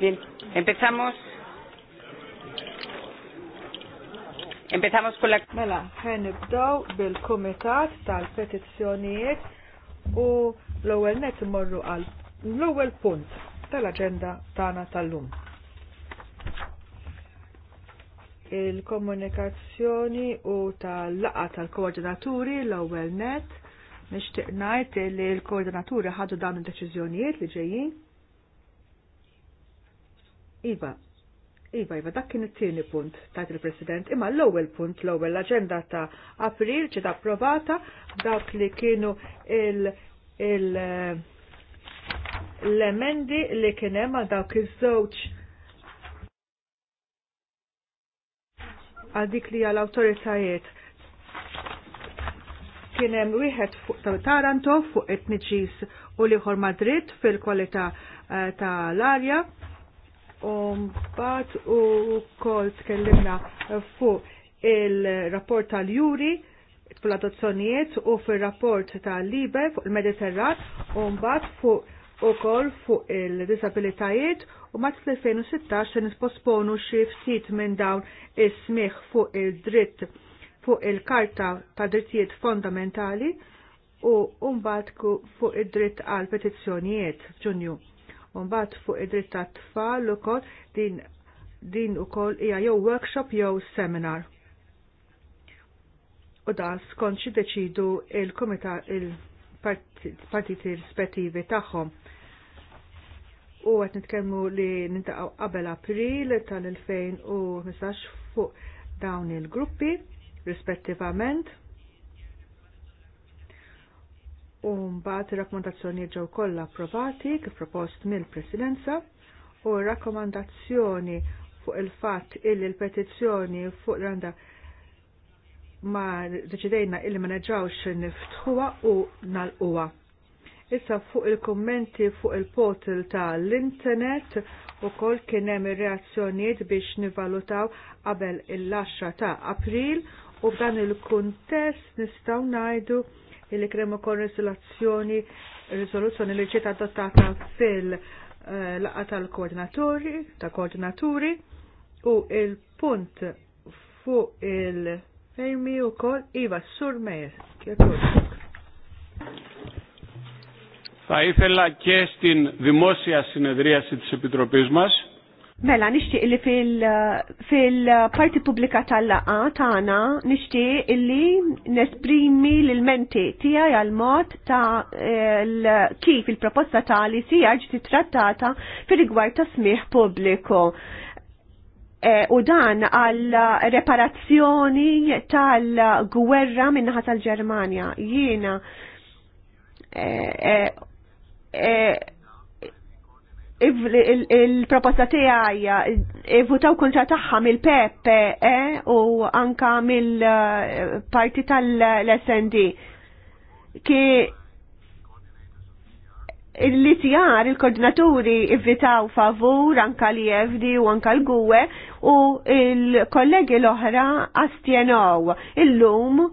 Bien, empezamos. Empezamos con la... Mela, ħenibdow bil-Kumitat tal-Petizzjonijiet u l-ewwel net imorru għal l-ewwel punt tal-aġenda tagħna tal-lum. Il-komunikazzjoni u tal-laqa tal-koordinaturi l-ewwel net nixtieq ngħid li l-koordinaturi ħadu dawn id-deċiżjonijiet li ġejjin Iva, Iva, Iva, dak kien it-tieni punt tajt il-President, imma l-ewwel punt, l-ewwel l-aġenda ta' April ġiet approvata dak li kienu il- il- l-emendi li kien hemm għal dawk iż-żewġ għal dik li għal awtoritajiet kien hemm wieħed fuq ta' Taranto fuq it-Niġis u liħor Madrid fil-kwalità eh, tal-arja. Umbat u kol tkellimna fuq il-rapport tal-juri fl-adozzjonijiet u fil-rapport tal-libe fuq il-Mediterran umbat fuq u kol fu il-disabilitajiet u mat fl-2016 se nisposponu xi ftit minn dawn is-smiħ fuq il-dritt fuq il-karta ta' drittijiet fondamentali u mbagħad fuq id-dritt għal petizzjonijiet f'Ġunju u mbagħad fuq id-dritt tat-tfal ukoll din din ukoll hija jew workshop jew seminar. U da skont xi deċidu il-komita il-partiti rispettivi tagħhom. U qed nitkellmu li nintaqgħu qabel April tal-2015 fuq dawn il-gruppi rispettivament u mbagħad ir-rakkomandazzjoni ġew kollha approvati kif propost mill-Presidenza u rakkomandazzjoni fuq il-fatt illi l-petizzjoni fuq l randa ma deċidejna illi ma neġawx niftħuha u nalquha. Issa fuq il-kommenti fuq il-portal tal-internet u kol kienem ir-reazzjonijiet biex nivalutaw qabel il-10 ta' april u dan il-kuntest nistaw najdu Eh, il li kremu kon risoluzzjoni risoluzzjoni li ċiet adottata fil laqa tal-koordinaturi ta' koordinaturi u il-punt fuq il-fermi u kol Iva Surmejer. Θα ήθελα και στην δημόσια συνεδρίαση της Επιτροπής μας Mela, nixtieq li fil-parti fil pubblika tal-laqa tagħna nixtieq illi nesprimi l-menti tiegħi għal mod ta' il kif il-proposta ta' li sijar ġiet trattata fil rigward ta' smih pubbliku. E, u dan għal reparazzjoni tal-gwerra minnaħa tal-Ġermanja. Jiena e, e, e il-proposta tiegħi votaw kontra tagħha mill-PPE eh, u anka mill-parti tal-SND ki l-ITR, il-koordinaturi ivvitaw favur anka li jevdi u anka l-gwe u il-kollegi l-oħra astjenow. Illum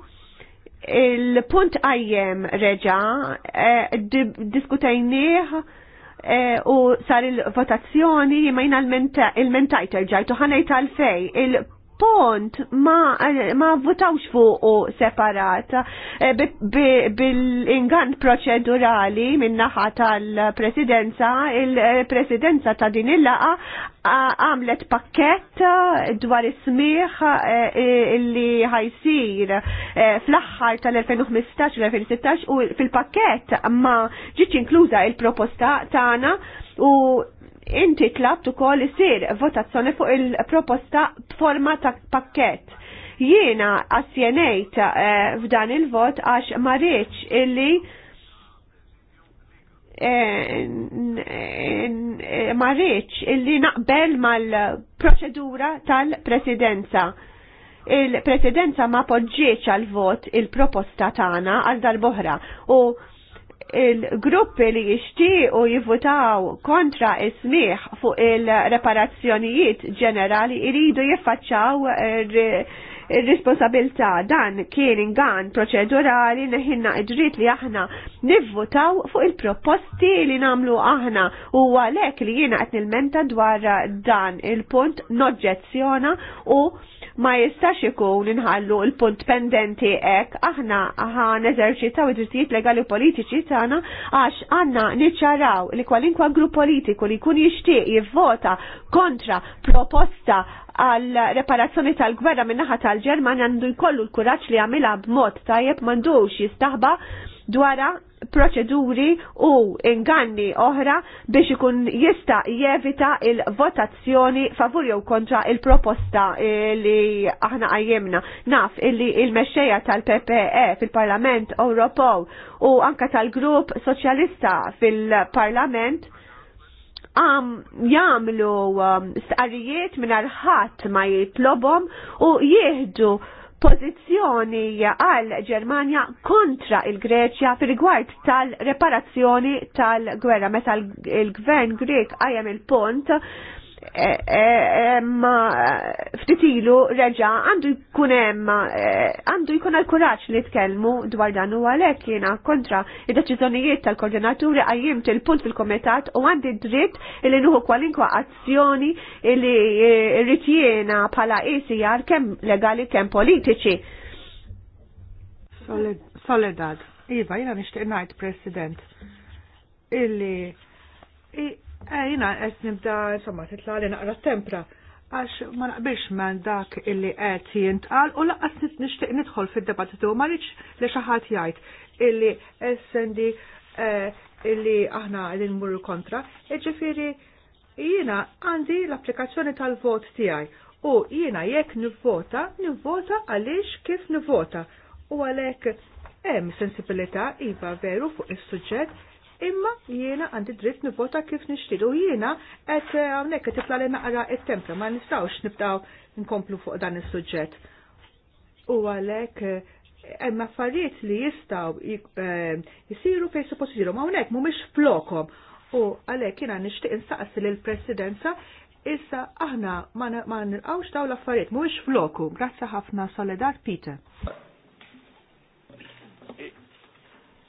il-punt għajjem reġa eh, diskutajnieħ Eh, u sar il-votazzjoni jimajna il-mentajter ġajtu ħanajt għalfej il pont ma, ma votawx fuq separat eh, bil ingant proċedurali minnaħa tal-presidenza, il-presidenza ta' din il-laqa għamlet pakket dwar ismiħ eh, eh, li ħajsir fl-axħar tal-2015 u 2016 u fil-pakket ma ġiċ inkluża il-proposta tagħna u inti tu ukoll isir votazzjoni fuq il-proposta b'forma ta' pakkett. Jiena assjenejt eh, f'dan il-vot għax ma illi eh, ma illi naqbel mal-proċedura tal-presidenza il-presidenza ma poġġieċ għal vot il-proposta tagħna għal dal bohra u il-gruppi li jixtiequ jivvutaw kontra ismiħ fuq il-reparazzjonijiet ġenerali iridu jiffaċċaw il-responsabilta dan kien ingan proċedurali neħinna id-dritt li aħna nivvutaw fuq il-proposti li namlu aħna u għalek li jiena qed nilmenta dwar dan il-punt noġġezzjona u ma jistax ikun inħallu il-punt pendenti ek, aħna ħan eżerċitaw id-drittijiet legali politiċi tagħna għax għandna niċċaraw li kwalinkwa grupp politiku li jkun jixtieq jivvota kontra proposta għal reparazzjoni tal-gwerra minnaħa tal-Ġerman għandu jkollu l-kuraġġ li jagħmilha b'mod tajjeb m'għandux jistaħba dwara proċeduri u inganni oħra biex ikun jista jevita il-votazzjoni favur jew kontra il-proposta eh, li aħna għajjemna. Naf illi il-mexxejja tal-PPE fil-Parlament Ewropew u anka tal-Grupp Soċjalista fil-Parlament għam jamlu um, starijiet minn ħadd ma jitlobhom u jieħdu pożizzjoni għal Ġermania kontra il-Greċja fir rigward tal-reparazzjoni tal-gwerra meta l-gvern Grek għajem il-pont E, e, e, ma ftitilu reġa għandu jkun hemm għandu jkun għal-kuraġġ li tkellmu dwar dan u għalhekk jiena kontra id-deċiżjonijiet tal-koordinaturi għajjim il-punt fil-komitat u għandi dritt li nuħu kwalinkwa azzjoni li rrid jiena bħala ECR kemm legali kemm politiċi. Soledad, Iva, jiena nixtieq ngħid President illi Eh, jina, għet nibda, insomma, titla li naqra tempra, għax ma naqbilx man dak illi għet jintqal u laqqas nishtiq nidħol fil-debattitu, ma rridx li xaħat jgħid illi essendi eh, illi aħna li nmurru kontra, eġifiri jina għandi l-applikazzjoni tal-vot tijaj u jina jekk nivvota, nivvota għalix kif nivvota u għalek hemm sensibilità iva veru fuq is-suġġett imma jiena għandi dritt nivota kif U jiena qed eh, hawnhekk qed titla' li naqra t tempju ma nistgħux nibdaw nkomplu fuq dan is-suġġett. U għalhekk eh, hemm affarijiet li jistgħu eh, jisiru fejn suppost jisiru ma hawnhekk mhumiex flokom. U għalhekk jiena nixtieq insaqsi lill-Presidenza issa aħna ma nilqawx daw l-affarijiet mhuwiex floku. Grazzi ħafna Soledad Peter.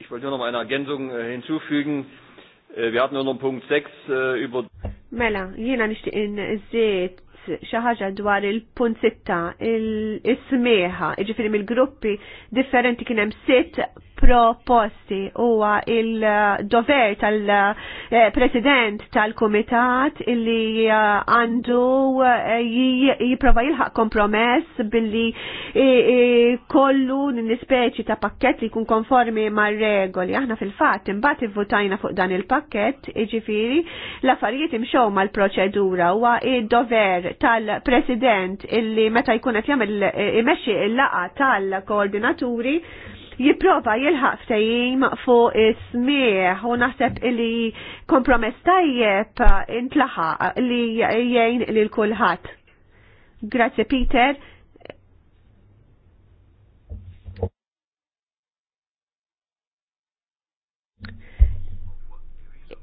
Ich wollte nur noch mal eine Ergänzung äh, hinzufügen. Äh, wir hatten nur noch Punkt 6 äh, über... Mela, jena nishtiq in xi ħaġa dwar il-punt sitta, il-smieħa, jiġifieri mill-gruppi differenti kien hemm sitt proposti huwa il-dover tal-president tal-komitat illi uh, għandu uh, jiprofa jilħaq kompromess billi kollu nispeċi ta' pakket li kun konformi mar regoli. Aħna fil-fat imbagħad ivvutajna fuq dan il-pakket, iġifieri l-affarijiet imxew mal-proċedura huwa il dover tal-president illi meta jkun qed jagħmel imexxi il-laqa tal-koordinaturi jiprofa jilħaq ftehim fuq is u naħseb li kompromess tajjeb intlaħaq li jgħin lil kulħadd. Grazie Peter.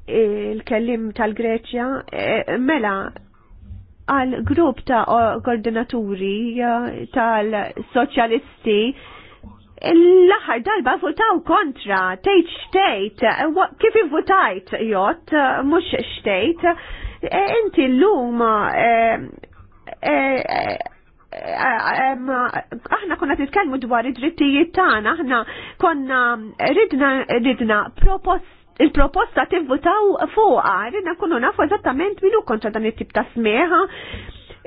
il-kellim tal-Greċja, eh, mela, għal grupp ta' koordinaturi eh, tal-soċjalisti l-aħħar darba votaw kontra, tejt xtejt, kif ivvutajt jott, e, mhux xtejt, inti llum e, e, aħna konna titkellmu dwar id-drittijiet tagħna, aħna konna ridna ridna propost il-proposta tivvutaw fuqa, ridna kunu nafu eżattament minu kontra dan it-tip ta' smieħa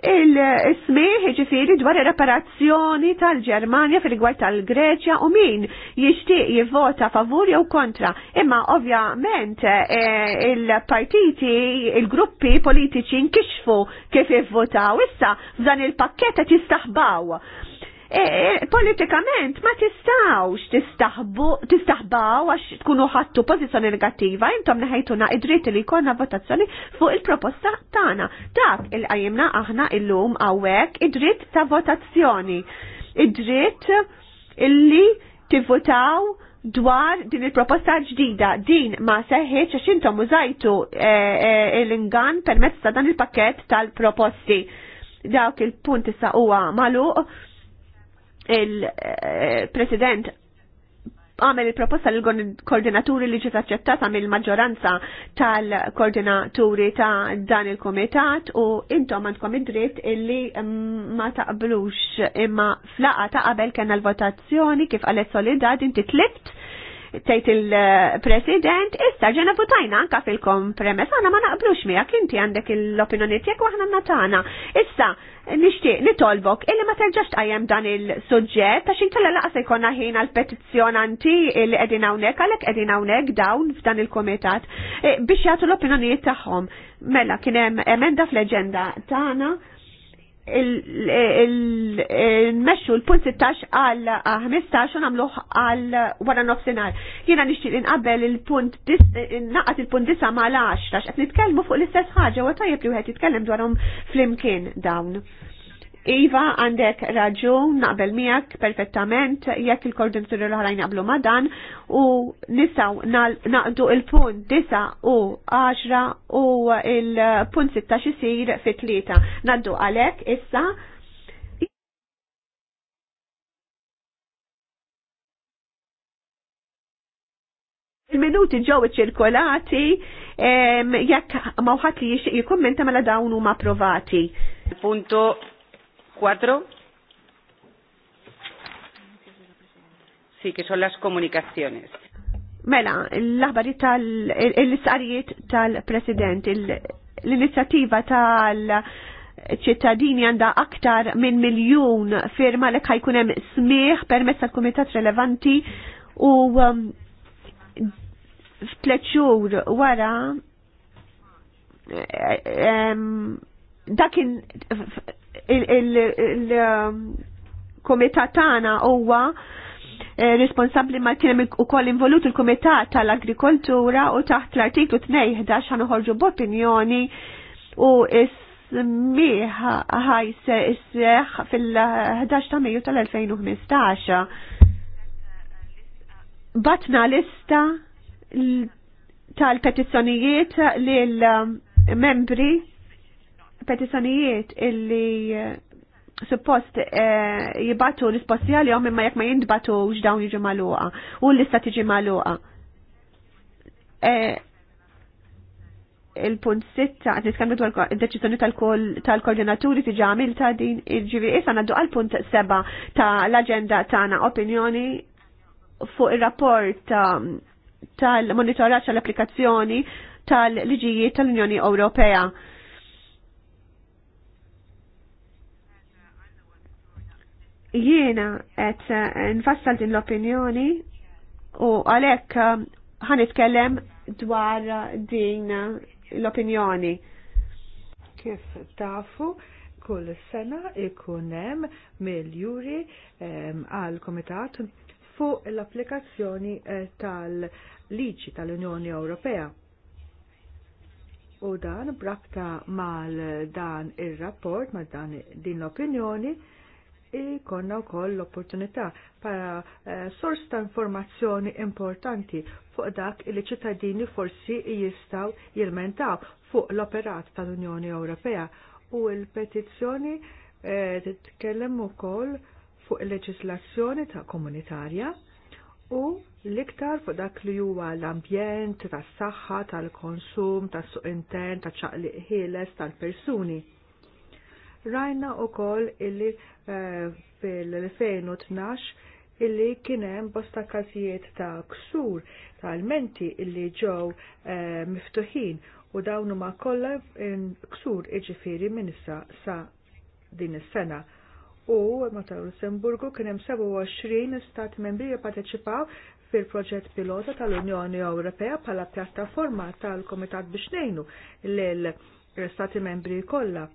il-smieħ ġifiri dwar reparazzjoni tal-Ġermanja fil-gwar tal-Greċja u min jixtieq jivvota favur jew kontra. Imma ovvjament eh, il-partiti, il-gruppi politiċi nkixfu kif jivvotaw issa f'dan il-pakketta tistaħbaw. Eh, eh, politikament ma tistawx tistaħbaw għax tkunu ħattu pozizjoni negattiva intom neħajtuna id-dritt li jkollna votazzjoni fuq il-proposta tagħna. Dak il-qajjimna aħna illum hawnhekk id-dritt ta' votazzjoni. Id-dritt illi tivvotaw dwar din il-proposta ġdida, din ma seħħiċ għax intom użajtu eh, l-ingan permezz ta' dan il-pakket tal-proposti. Dawk il-punt issa huwa maluq il-President għamel il-proposta l-koordinaturi li ġiet aċċettata mill-maġġoranza tal-koordinaturi ta' dan il-komitat u intom għandkom id-dritt illi mm, ma taqblux imma flaqa ta' qabel kena l-votazzjoni kif għalet solidad inti tlift tgħid il-President, issa ġena butajna anka fil-kompremess, għana ma naqblux għak inti għandek l-opinjoni tiegħek waħna natana. Issa nixtieq nitolbok illi ma terġax tajem dan il-suġġett għax inkella laqas jkollna ħin għal petizzjonanti li qegħdin hawnhekk għalek qegħdin hawnhekk dawn f'dan il-kumitat eh, biex jagħtu l-opinjonijiet tagħhom. Mela kien hemm emenda fl-eġenda tagħna il meċu l-punt 16 għal 15 u namluħ għal wara nofsenar. Jena nixtieq inqabbel il-punt naqqat il-punt 9 l 10 għax qed nitkellmu fuq l-istess ħaġa u tajjeb li wieħed jitkellem dwarhom flimkien dawn. Iva, għandek raġun, naqbel miegħek perfettament, jekk il-koordinaturi l-ħarajn naqblu ma' dan u nisaw naqdu il-punt 9 u 10 u il-punt 16 jisir fit-tlieta. Naddu għalek issa il-minuti ġew iċirkolati jekk ma wħadd li jixtieq jikkummenta mela dawn huma approvati. Punto cuatro, Sì, que son las comunicaciones. Mela, l-aħbarijiet tal-istqarijiet tal-President, l-inizjattiva tal-ċittadini għandha aktar minn miljun firma li ħajkun hemm smieħ permezz tal-kumitat relevanti u um, f'tliet xhur wara eh, eh, dakin il-komitat um, tagħna huwa eh, responsabli ma kienem u koll involut il-Komitat tal-Agrikoltura u taħt l-artiklu 211 ħan uħorġu b'opinjoni u ismiħ ħajse isseħ fil-11 ta' Mejju tal-2015. Batna lista tal-petizzjonijiet lil um, membri petizzjonijiet illi eh, suppost eh, jibatu risposti jom imma jekk ma jindbatux dawn jiġu magħluqa u l-lista tiġi magħluqa. Eh, il-punt sitta, għad niskan dwar id-deċiżjoni tal-koordinaturi tiġi għamilta din il-ġivi issa ngħaddu għal punt seba ta' l-aġenda tagħna opinjoni fuq ir-rapport tal-monitoraġġ tal-applikazzjoni tal-liġijiet tal-Unjoni Ewropea. Jiena qed eh, nfassal din l-opinjoni u għalhekk eh, ħanitkellem dwar eh, din l-opinjoni. Kif tafu? kull sena ikunem hemm mill-juri ehm, għal komitat fuq l-applikazzjoni tal-liċi tal-Unjoni Ewropea. U dan brakta mal dan ir-rapport, mal dan din l-opinjoni, u wkoll l-opportunità para eh, sors ta' informazzjoni importanti fuq dak li ċittadini forsi jistaw jilmentaw fuq l-operat tal-Unjoni Ewropea u l-petizzjoni eh, titkellem ukoll fuq il-leġislazzjoni ta' komunitarja u l-iktar fuq dak li huwa l-ambjent, tas-saħħa, tal-konsum, tas-suq intern, taċ-ċaqliq ħieles tal-persuni. Rajna u koll illi eh, fil-2012 illi kienem bosta kazijiet ta' ksur ta' menti illi ġew eh, miftuħin u dawnu ma' kolla eh, ksur iġifiri minissa sa' din is-sena. U meta Lussemburgu kien hemm 27 stat membri jipparteċipaw fil-proġett pilota tal-Unjoni Ewropea bħala pjattaforma tal-Komitat biex ngħinu lil stati membri kollha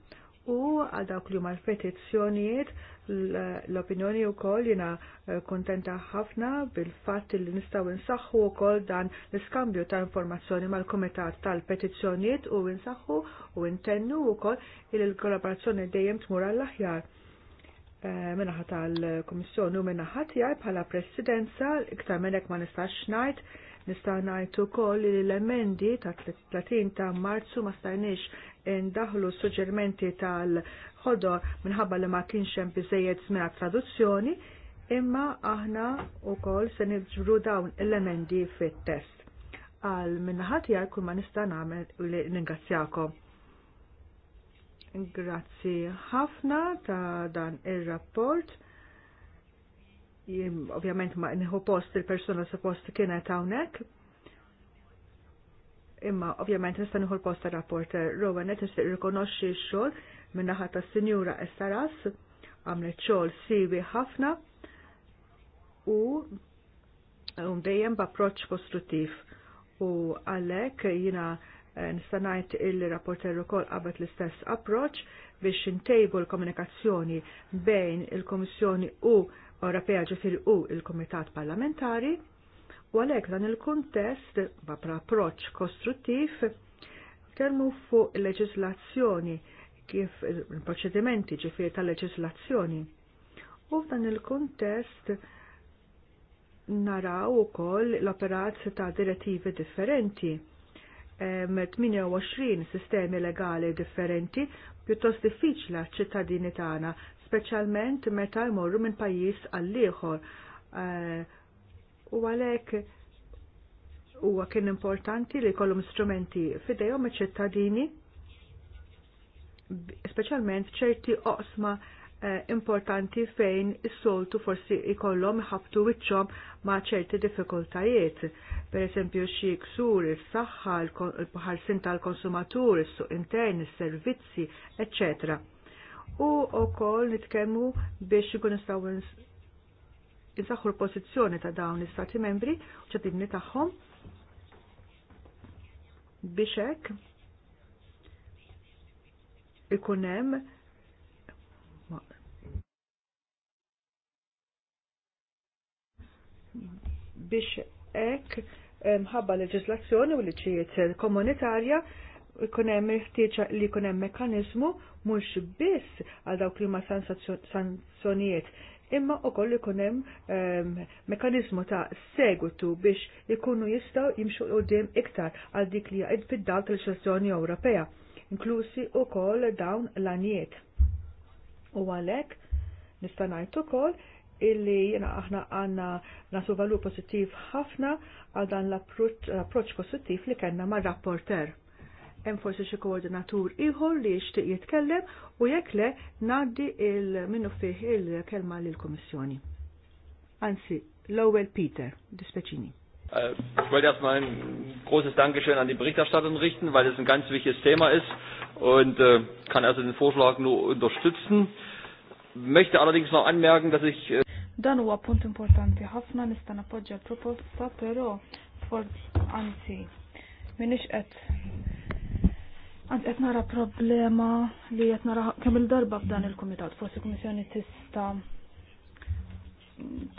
u għal dawk li huma l-petizzjonijiet l-opinjoni wkoll jiena eh, kuntenta ħafna bil-fatt li nistgħu nsaħħu wkoll dan l-iskambju ta' informazzjoni mal-Kumitat tal-Petizzjonijiet u nsaħħu u ntennu wkoll il kollaborazzjoni dejjem tmur għall-aħjar eh, minnaħat tal-Komissjoni u minnaħat jgħaj bħala presidenza iktar minnek ma nistax ngħid Nista' ngħid ukoll li l-emendi ta' 30 ta' Marzu ma stajniex ndaħlu suġġerimenti tal-ħodor minħabba li ma kienx hemm biżejjed żmien traduzzjoni, imma aħna wkoll se niġbru dawn l-emendi fit-test. Għal minnaħat jgħal kull ma nista' nagħmel li ningrazzjakom. Grazzi ħafna ta' dan ir-rapport ovvjament ma nħu post il-persona suppost kienet hawnhekk. Imma ovvjament nista' nieħu l-post tar-rapporter Rowan qed nista' irrikonoxxi x-xogħol min-naħa tas-Sinjura Estaras għamlet xogħol siwi ħafna u um, dejjem b'approċċ kostruttiv u għalhekk jiena eh, nista' ngħid il-rapporter ukoll qabad l-istess approċċ biex intejbu l-komunikazzjoni bejn il-Komissjoni u Ewropea ġifir u il-Komitat Parlamentari, u għalhekk dan il-kuntest bapra approċ kostruttiv kelmu fuq il-leġislazzjoni kif il-proċedimenti ġifiri tal-leġislazzjoni. U f'dan il-kuntest naraw ukoll l-operat ta' direttivi differenti. 28 sistemi legali differenti pjuttost diffiċla ċittadini tagħna, speċjalment meta jmorru minn pajjiż għall ieħor. Eh, u għalhekk huwa kien importanti li jkollhom strumenti fidejhom iċ-ċittadini speċjalment ċerti oqsma Eh, importanti fejn is-soltu forsi ikollhom ħabtu wiċċhom ma' ċerti diffikultajiet. Per eżempju xi ksur is-saħħa, l-ħarsin tal-konsumatur, is-suq intern, is-servizzi, etc. U wkoll nitkellmu biex ikun nistgħu insaħħu l-pożizzjoni ta' dawn l-istati membri u ċadidni tagħhom biex hekk ikun hemm biex ek eh, mħabba leġislazzjoni u liċijiet komunitarja kunem hemm ħtieġa li jkun hemm mekkaniżmu mhux biss għal dawk li ma sanzjonijiet imma wkoll ikun hemm ehm, mekkaniżmu ta' segwitu biex ikunu jistgħu jimxu dim iktar għal dik li jaqid fid dalt tal-Istituzzjoni Ewropea, inklusi wkoll dawn l-anijiet. U għalhekk nista' ngħid ukoll illi jena aħna għanna nasu valur pozittiv ħafna għal dan l-approċ pozittiv li kena ma' rapporter. Hemm forsi xi koordinatur ieħor li jixtieq jitkellem u jekk le ngħaddi il minnu fih il-kelma lil kummissjoni. Anzi, l-ewwel Peter, dispeċini. Äh, ich wollte erstmal ein großes Dankeschön an die Berichterstatterin richten, weil es ein ganz wichtiges Thema ist und äh, kann also den Vorschlag nur unterstützen möchte allerdings noch anmerken, dass ich äh Dan huwa punt importanti ħafna nista' nappoġġja l-proposta, però forsi anzi minix qed Għant qed nara problema li qed nara kemm il-darba f'dan il-kumitat, forsi kummissjoni tista'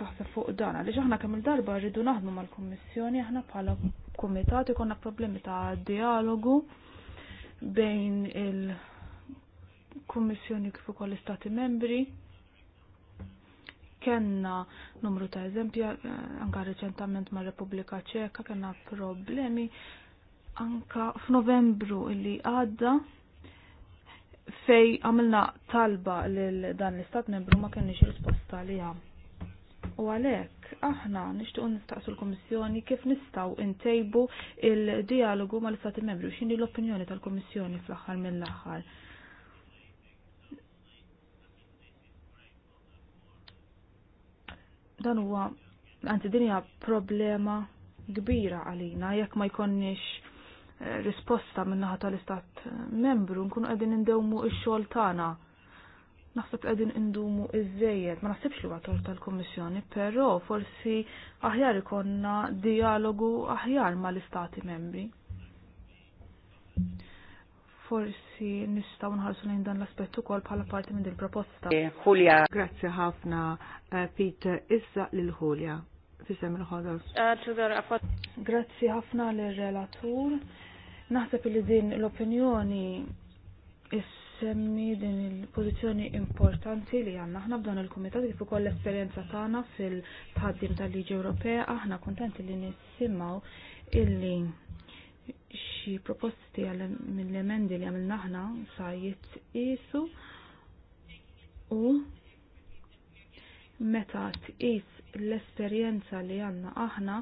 taħseb fuq dan għaliex aħna kemm il-darba rridu naħdmu mal-kummissjoni aħna bħala kumitat ikonna problemi ta' dialogu bejn il-kummissjoni kif ukoll l-istati membri kenna numru ta' eżempju, eh, anka reċentament ma' Repubblika Ċeka kenna problemi, anka f'Novembru li għadda fej għamilna talba lil dan l-istat membru ma kienx risposta li għam. U għalek, aħna nishtuq nistaqsu l-Komissjoni kif nistaw intejbu il-dialogu ma l-Istati membri, xini l-opinjoni tal-Komissjoni fl-axar mill axħar Dan huwa għanti din hija problema kbira għalina jekk ma jkonniex eh, risposta min-naħa tal-istat eh, membru nkunu qegħdin indewmu il xogħol tagħna. Naħseb qegħdin indumu iż ma naħsibx li huwa tal-Kummissjoni, però forsi aħjar ikonna dialogu aħjar mal-istati membri forsi nistaw nħarsu lejn dan l-aspettu kol bħala parti minn il proposta eh, Julia. Grazzi ħafna, eh, Peter. Issa lil-Julia. Fisem il ħodos eh, Grazzi ħafna l-relatur. Naħseb li din l-opinjoni issemmi din il-pozizjoni importanti li għanna. Aħna b'dan il-komitat kif ukoll l-esperjenza tagħna fil-tħaddim tal-Liġi Ewropea, aħna kuntenti li nissimgħu illi xi proposti mill-emendi li għamilna aħna sa jitqisu u meta tqis l-esperjenza li għandna aħna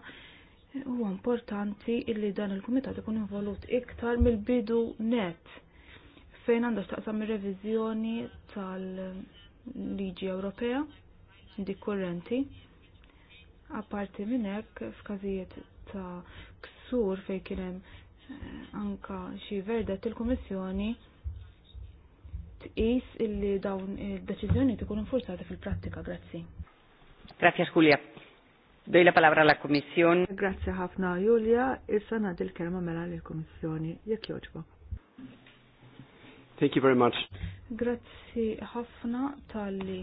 huwa importanti illi dan il-kumitat ikun involut iktar mill-bidu net fejn għandu x'taqsam ir-reviżjoni tal-liġi Ewropea dik kurrenti apparti minn hekk f'każijiet ta' sur fej kienem eh, anka xi verdet il-Kummissjoni tqis illi dawn id-deċiżjoni tkun infurzati fil-prattika, grazzi. Grazie Julia. Dej la palabra la Kummissjoni. Grazzi ħafna Julia, issa nagħti kelma mela lill-Kummissjoni jekk jogħġbu. Thank you very much. Grazzi ħafna tal-li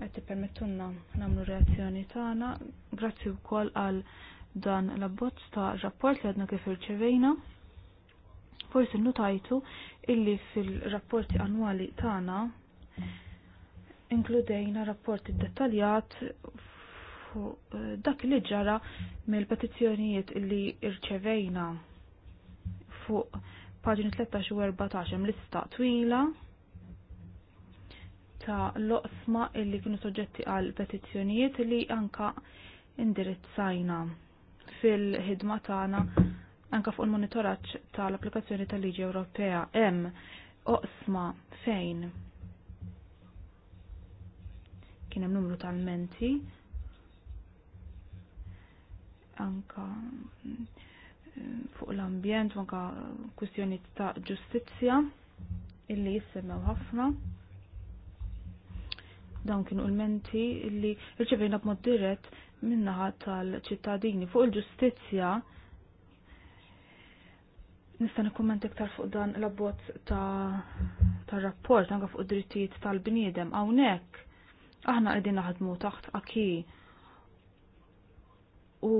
qed permettunna nagħmlu reazzjoni tagħna. Grazzi wkoll għal dan l-abbozz ta' rapport li għadna kif irċevejna. Forsi notajtu illi fil-rapporti annwali tagħna inkludejna rapporti dettaljat eh, dak li ġara mill-petizzjonijiet li irċevejna fuq paġni 13 u 14 lista twila ta' l-oqsma illi kienu soġġetti għal petizzjonijiet li anka indirizzajna fil-ħidma tagħna anka fuq il-monitoraġġ tal-applikazzjoni tal-Liġi Ewropea hemm oqsma fejn kien hemm numru tal-menti anka eh, fuq l-ambjent u anka kwistjoni ta' ġustizzja illi jissemmew ħafna dawn kienu l-menti illi rċevejna b'mod dirett minnaħa tal-ċittadini fuq il-ġustizzja nista' nikkumenti iktar fuq dan l-abbozz ta' tar-rapport anke fuq id-drittijiet tal-bniedem hawnhekk aħna qegħdin naħdmu taħt aki u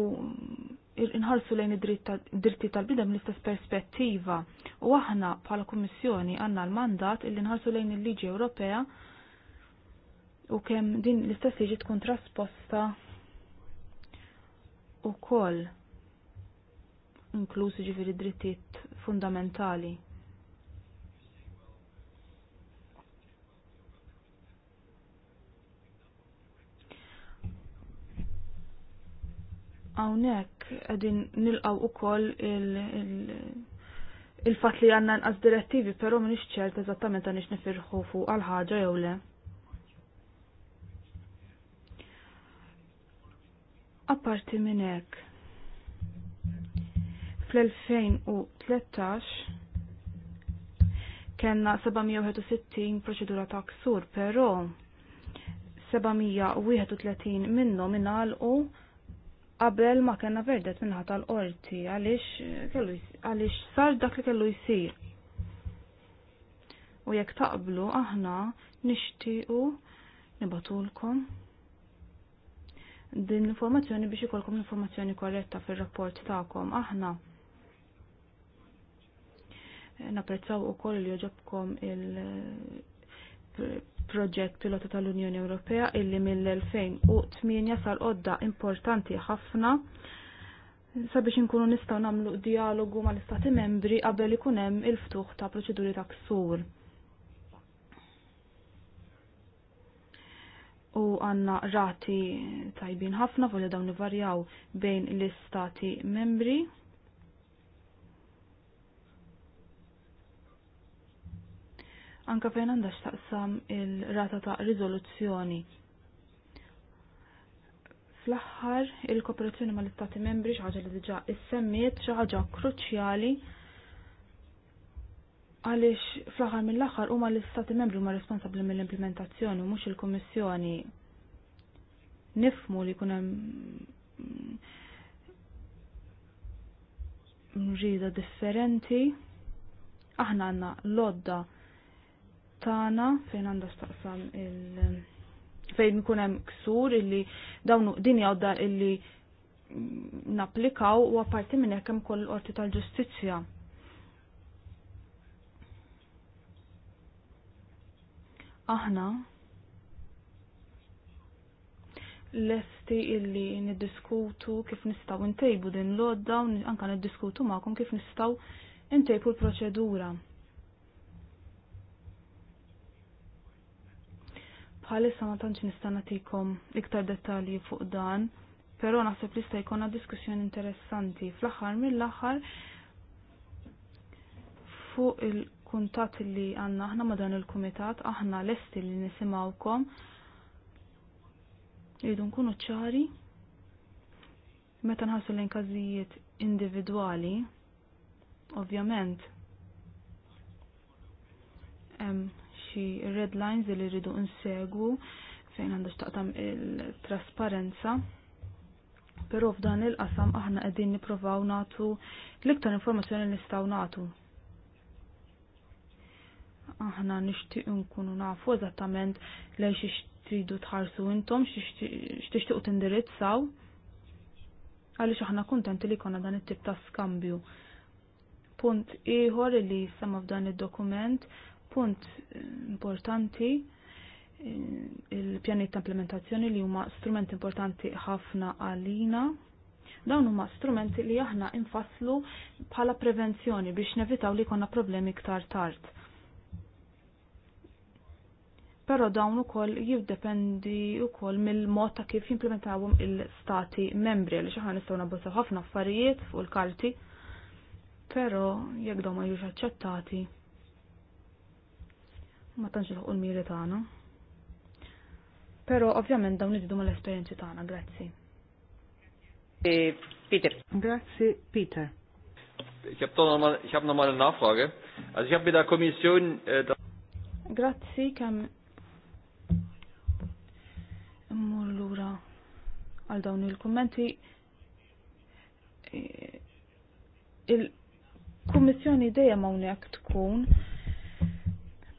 inħarsu lejn id-dritti tal-bidem l-istess perspettiva u aħna bħala kummissjoni għandna l-mandat illi nħarsu lejn il-liġi Ewropea u kemm din l-istess liġi tkun trasposta u koll inklusi ġifiri drittijiet fundamentali. Għawnek għedin nilqaw u koll il- il-fat li għanna nqas direttivi, pero minix ċert eżattament għanix nifirħu fuq għal-ħagġa jew le. Apparti minn hekk, fl-2013 kellna 761 proċedura ta' ksur, però 731 minnhom u qabel ma kellna verdet minnħa tal-qorti għaliex għaliex sar dak li kellu jsir. U jekk taqblu aħna nixtiequ nibatulkom din l-informazzjoni biex ikolkom l-informazzjoni korretta fil-rapport ta'kom. Aħna Naprezzaw u koll li joġobkom il-proġett pilota tal-Unjoni Ewropea illi mill-2008 sal-qodda importanti ħafna sabiex inkunu nistaw namlu dialogu mal-istati membri qabel ikun hemm il-ftuħ ta' proċeduri ta' ksur. u għanna rati tajbin ħafna fuq li dawn varjaw bejn l-istati membri. Anka fejn għandax taqsam il-rata ta' rizoluzzjoni. Fl-aħħar, il-kooperazzjoni mal-istati membri ħaġa li diġa issemmiet semmiet kruċjali għaliex fl-aħħar mill-aħħar huma l-istati membri huma responsabbli mill-implementazzjoni u mhux il-Kummissjoni nifmu li kun hemm rrida differenti aħna għandna lodda tagħna fejn għanda staqsam il- fejn ikun hemm ksur illi dawn dinja għodda illi napplikaw u għaparti minn hekk hemm koll qorti tal-ġustizzja. aħna lesti illi niddiskutu kif nistaw intejbu din l-odda u anka niddiskutu ma'kom kif nistaw intejbu l-proċedura. Bħalissa ma tantx nista' nagħtikom iktar dettalji fuq dan, però naħseb li sta jkollna diskussjoni interessanti. Fl-aħħar mill-aħħar fuq il- kuntat li għanna aħna ma dan il-kumitat, aħna lesti li nisimawkom. Rridu nkunu ċari. Meta nħassu lejn każijiet individwali, ovvjament, hemm xi red lines li rridu nsegwu fejn għandu xtaqtam il-trasparenza. Pero f'dan il-qasam aħna qegħdin nippruvaw nagħtu l-iktar informazzjoni li nistgħu nagħtu aħna nixtieq nkunu nafu eżattament lejn xi tridu tħarsu intom x'tixtiequ tindirizzaw. Għaliex aħna kuntenti li jkollna dan it-tip ta' skambju. Punt ieħor li sema f'dan id-dokument, punt importanti il pjani ta' implementazzjoni li huma strumenti importanti ħafna għalina dawn huma strumenti li aħna infasslu bħala prevenzjoni biex nevitaw li konna problemi ktar tard pero dawn ukoll jiddependi ukoll mill-mod ta' kif jimplementawhom il-stati membri li xi ħan nistgħu nabbozzaw ħafna affarijiet fuq il-karti, però jekk dawn ma jiġux aċċettati ma tantx ilħuq il-miri tagħna. Però ovvjament dawn iġdu mal-esperjenzi tagħna, grazzi. Eh, Peter. Grazzi, Peter. Ich habe mal eine Nachfrage. Also ich habe mit der Kommission... Äh, Grazzi, kemm għal dawn il-kummenti. Il-kummissjoni dejjem hawnhekk tkun,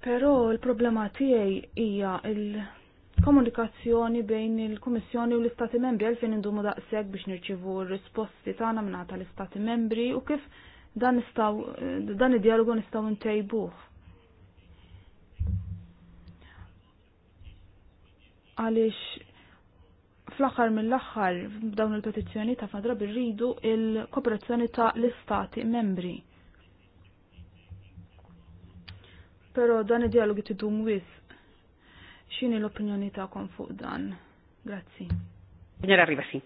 però l-problema tiegħi hija il-komunikazzjoni bejn il-Kummissjoni u l-Istati Membri għalfejn indumu daqshekk biex nirċivu r-risposti tagħna minn tal-Istati Membri u kif dan nistgħu dan id-dialogu nistgħu ntejbuh. għaliex fl-axar mill-axar dawn il-petizzjoni ta' fadra birridu il-kooperazzjoni ta' l-istati membri. Pero dan id-dialogi tidum wis. Xini l-opinjoni ta' kon fuq dan? Grazzi. Signora Rivasi.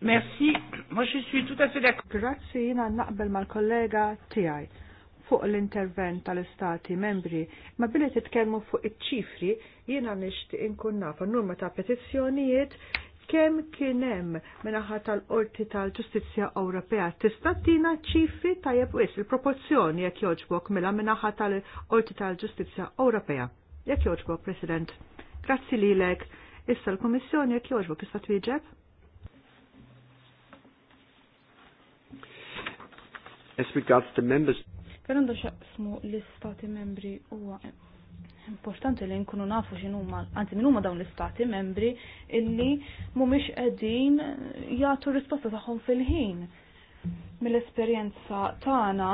Merci, moi je suis tout à fait d'accord. Grazzi, jina naqbel mal-kollega tijaj fuq l-intervent tal-istati membri, ma billi titkellmu fuq iċ-ċifri jiena nixtieq inkun nafa n-numru ta' petizzjonijiet kemm kien hemm minaħa tal-Qorti tal-Ġustizzja Ewropea tista' tina ċifri tajjeb wis il-proporzjoni jekk jogħġbok mela minaħa tal-Qorti tal-Ġustizzja Ewropea. Jekk jogħġbok, President. Grazzi lilek. Issa l-Kummissjoni jekk jogħġbok tista' twieġeb? as regards the members Pero ndo xaqsmu l-istati membri huwa importanti li nkunu nafu x'inhuma, anzi min huma dawn l-istati membri illi mhumiex qegħdin jagħtu risposta tagħhom fil-ħin. Mill-esperjenza tagħna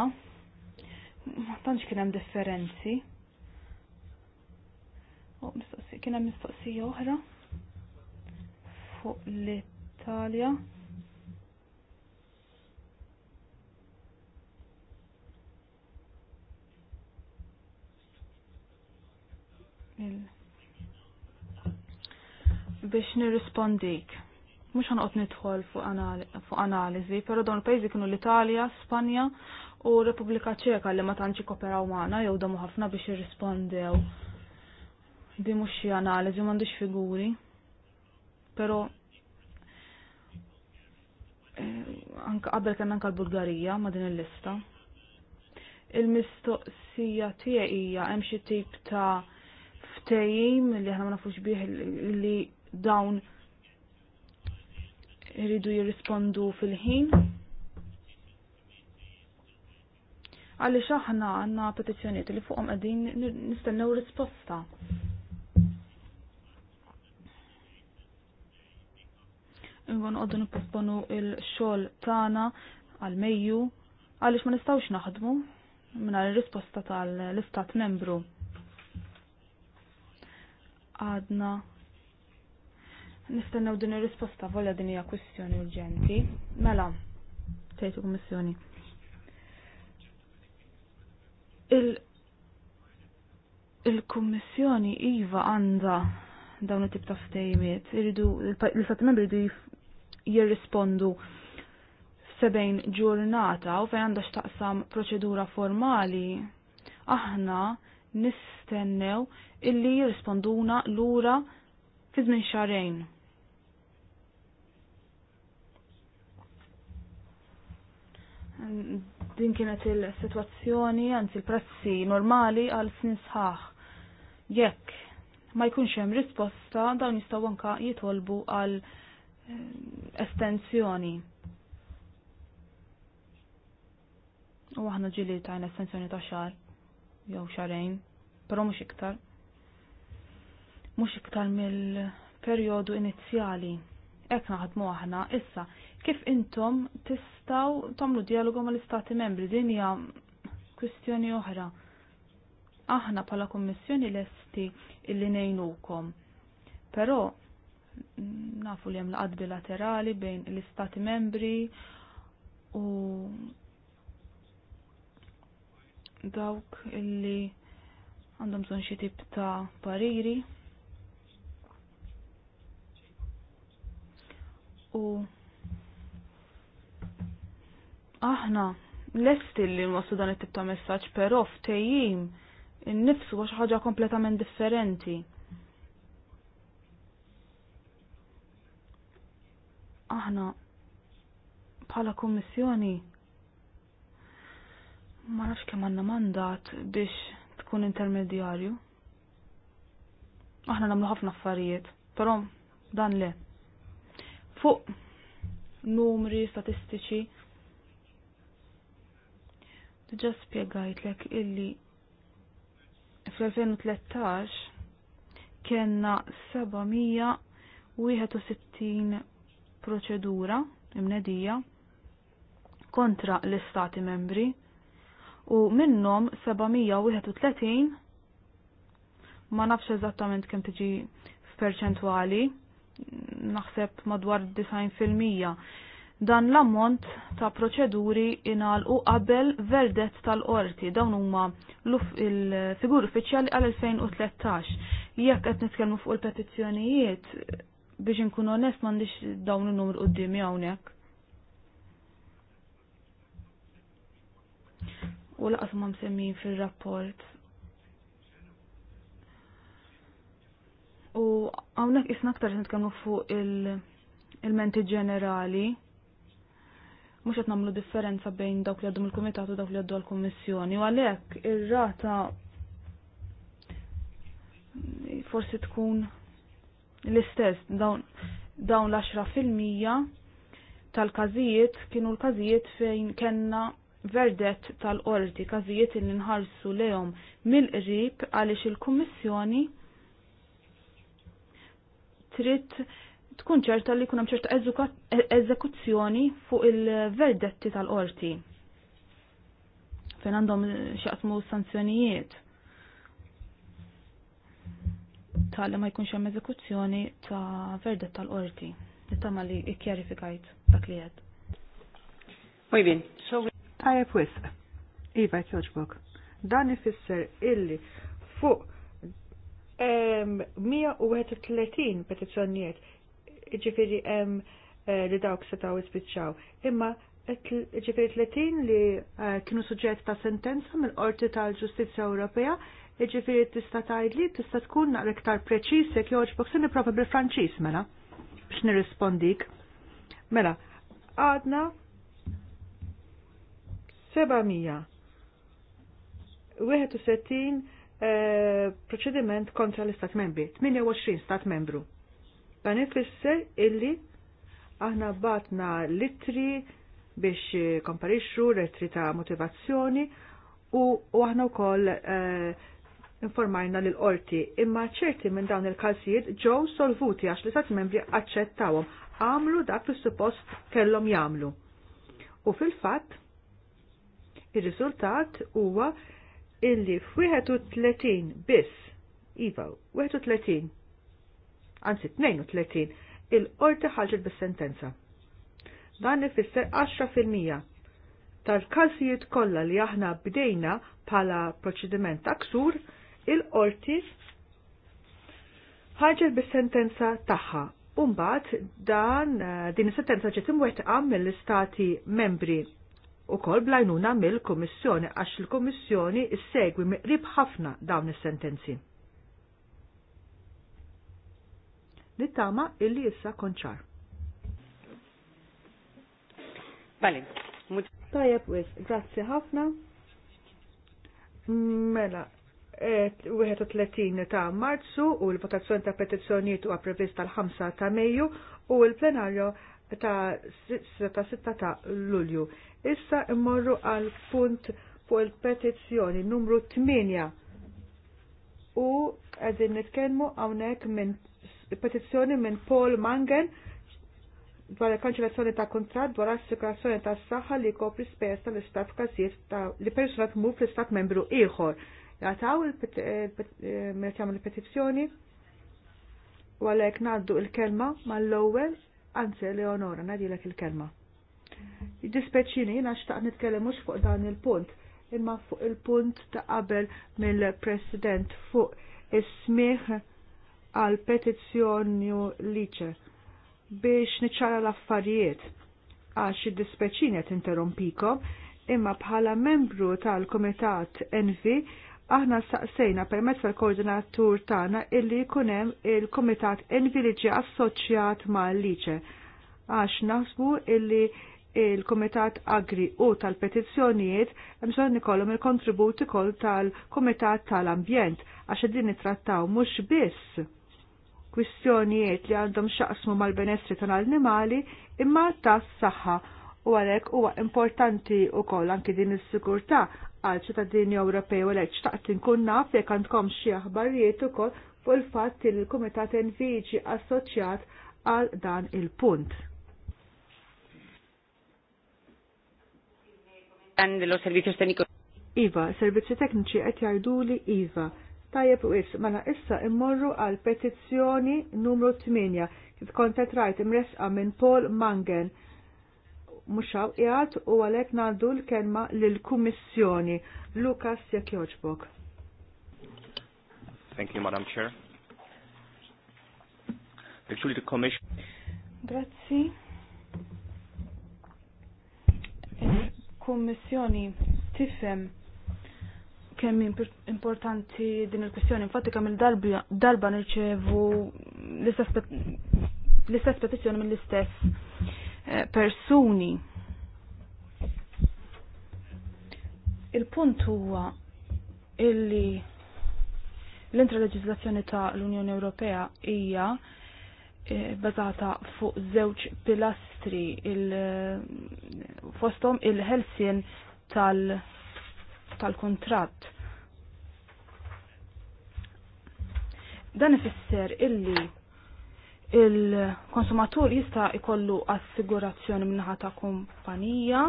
ma tantx kien hemm differenzi. U oh, mistoqsija kien hemm mistoqsija oħra fuq l-Italja. biex nirrispondik. Mux għotni nidħol fuq analizi, pero dawn il-pajzi kienu l-Italja, Spanja u Repubblika Ċeka li ma tantx koperaw maħna, jew domu ħafna biex jirrispondew. Di mhux xi analiżi m'għandix figuri. Però eh, anka qabel kien anka l-Bulgarija ma din il-lista. Il-mistoqsija tiegħi hija hemm xi tip ta' ftejim li ħana ma nafux bih li dawn iridu jirrispondu fil-ħin. Għalli xaħna għanna petizjoniet li fuqom għadin nistennew risposta. Iva Ngon għoddu nipposponu il-xol tana għal-mejju għalix ma nistawx naħdmu minna l-risposta tal-istat membru għadna nistennew din ir-risposta volja din hija kwistjoni urġenti. Mela, tejtu kummissjoni. Il il-kummissjoni iva għandha dawn it-tip ta' ftejmiet, irridu l istat membri jridu jirrispondu sebejn ġurnata u fejn għandha x'taqsam proċedura formali aħna nistennew illi jirrisponduna lura fi żmien xarejn. Din kienet il-sitwazzjoni, anzi il-prezzi normali għal snin sħaħ. Jekk ma jkunx hemm risposta dawn jistgħu anke jitolbu għal eh, estensjoni. U aħna ġili tajna estensjoni ta' xar jew xarejn, però mhux iktar. Mhux iktar mill-perjodu inizjali. Hekk naħdmu aħna issa kif intom tistgħu tagħmlu dialogu mal-istati membri din hija kwistjoni oħra. Aħna bħala l lesti illi ngħinukom. Però nafu li hemm laqgħat bilaterali bejn l-istati membri u dawk illi għandhom bżonn xi tip ta' pariri. U aħna lest illi nwassu dan it-tip ta' messaġġ, però ftejim in-nifsu għax ħaġa kompletament differenti. Aħna bħala kummissjoni Ma nafx kemm għandna mandat biex tkun intermedjarju. Aħna nagħmlu ħafna affarijiet, però dan le. Fuq numri statistiċi diġà spjegajtlek illi fl-2013 kena 761 proċedura imnedija kontra l-istati membri u minnhom 731 ma nafx eżattament kemm tiġi f'perċentwali, naħseb madwar 90%. Dan l-ammont ta' proċeduri u qabel verdett tal-qorti dawn huma il-figur uffiċjali għal 2013. Jekk qed nitkellmu fuq il-petizzjonijiet biex inkunu onest m'għandix dawn in-numru qudiem hawnhekk. u laqas ma msemmin fil-rapport. U għawnek isna aktar nitkellmu fuq il-menti il ġenerali. Mux qed nagħmlu differenza bejn dawk li għaddu il komitatu u dawk li għaddu għal kummissjoni U għalhekk ir-rata forsi tkun l-istess dawn dawn l-10 fil-mija tal-każijiet kienu l-każijiet fejn kellna verdett tal-qorti każijiet li nħarsu lejhom mill-qrib għaliex il-Kummissjoni trid tkun ċerta li jkun hemm ċerta e- eżekuzzjoni fuq il-verdetti tal-qorti. Fejn għandhom xaqsmu sanzjonijiet. Tal ma jkunx hemm eżekuzzjoni ta' verdett tal-qorti. Nittama li ikkjarifikajt dak li Muy bien. So Tajab wisq. Iva jtjoġbok. Dan ifisser illi fuq 131 petizzjonijiet ġifiri em eh, li dawk setaw jispiċċaw. Imma ġifiri 30 li eh, kienu suġġett ta' sentenza mill qorti tal-Ġustizja Ewropea ġifiri tista' tgħidli tista' tkun naqra iktar preċiż jekk jogħġbok sinni prova bil-Franċiż mela biex nirrispondik. Mela, għadna 700. Eh, proċediment kontra l-Istat Membri, 28 Stat Membru. Dan ifisser illi aħna batna litri biex komparixxu retri ta' motivazzjoni u, aħna wkoll eh, informajna lil qorti imma ċerti minn dawn il-każijiet ġew solvuti għax l-Istat Membri aċċettawhom għamlu dak li suppost kellhom jagħmlu. U fil-fatt Ir-riżultat huwa illi f-31 biss, iva, 31, anzi 32, il-qorti ħalġet bis-sentenza. Dan ifisser 10% tal-każijiet kollha li aħna bdejna bħala proċediment ta' ksur, il-qorti ħarġet bis-sentenza tagħha. Umbagħad dan eh, din is-sentenza ġiet imwettqa mill-istati membri u kol blajnuna mill-Komissjoni għax il-Komissjoni segwi miqrib ħafna dawn is-sentenzi. Nittama illi issa konċar. Bali, Tajab wis, grazzi ħafna. Mela, 31 ta' marzu u l-votazzjoni ta' petizzjoniet huwa għaprevista l-5 ta' Mejju u l-plenarju ta' 6 ta' 6 ta' Lulju. Issa immorru għal punt fuq il-petizzjoni numru 8 u għedin nitkenmu għawnek minn petizzjoni minn Paul Mangen dwar il-kanċellazzjoni ta' kontrat dwar assikurazzjoni ta' saħħa li kopri spes tal-istat Kazif li persuna tmur fl-istat membru ieħor. Jataw eh, il-petizzjoni u għalhekk ngħaddu il-kelma mal lowel anzi Leonora nadilek il-kelma. Dispeċini, jina xtaq nitkellem mux fuq dan il-punt, imma fuq il-punt ta' qabel mill-President fuq ismiħ għal petizzjonju liċe biex niċċara l-affarijiet għax id-dispeċini għet interrompikom imma bħala membru tal-Komitat Envi aħna saqsejna permezz tal-koordinatur tagħna illi kunem il-Komitat Envi li ġie assoċjat ma' liċe għax naħsbu illi il-Kumitat Agri u tal-Petizzjonijiet hemm bżonn ikollhom il-kontribut ukoll tal-Kumitat tal-Ambjent għax din nittrattaw mhux biss kwistjonijiet li għandhom xaqsmu mal-benessri tal-annimali imma tas-saħħa u għalhekk huwa importanti wkoll anki din is-sigurtà għal ċittadini Ewropej u għalhekk xtaqt inkun naf jekk għandkom xi aħbarijiet ukoll fuq il-fatt li l-Kumitat Enviġi assoċjat għal dan il-punt. l-o servicios técnicos. Iva, servizzi tekniċi qed jgħidu li Iva. Tajjeb u is, mela issa immorru għal petizzjoni numru 8 kif kontet rajt imresqa minn Paul Mangen. Mhux hawn u għalhekk ngħaddu l-kelma lill-Kummissjoni. Lukas jekk Thank you, Madam Chair. Actually, the Commission. Grazie kummissjoni tifhem kemm importanti din il-kwestjoni. Infatti kemm il-darba nirċevu l-istess petizzjoni mill-istess eh, persuni. Il-punt huwa illi l-intraleġislazzjoni ta' l-Unjoni Ewropea hija Eh, bazata fuq żewġ pilastri il fostom il-ħelsien tal tal-kontratt. Dan ifisser illi il-konsumatur jista' ikollu assigurazzjoni minnaħa ta' kumpanija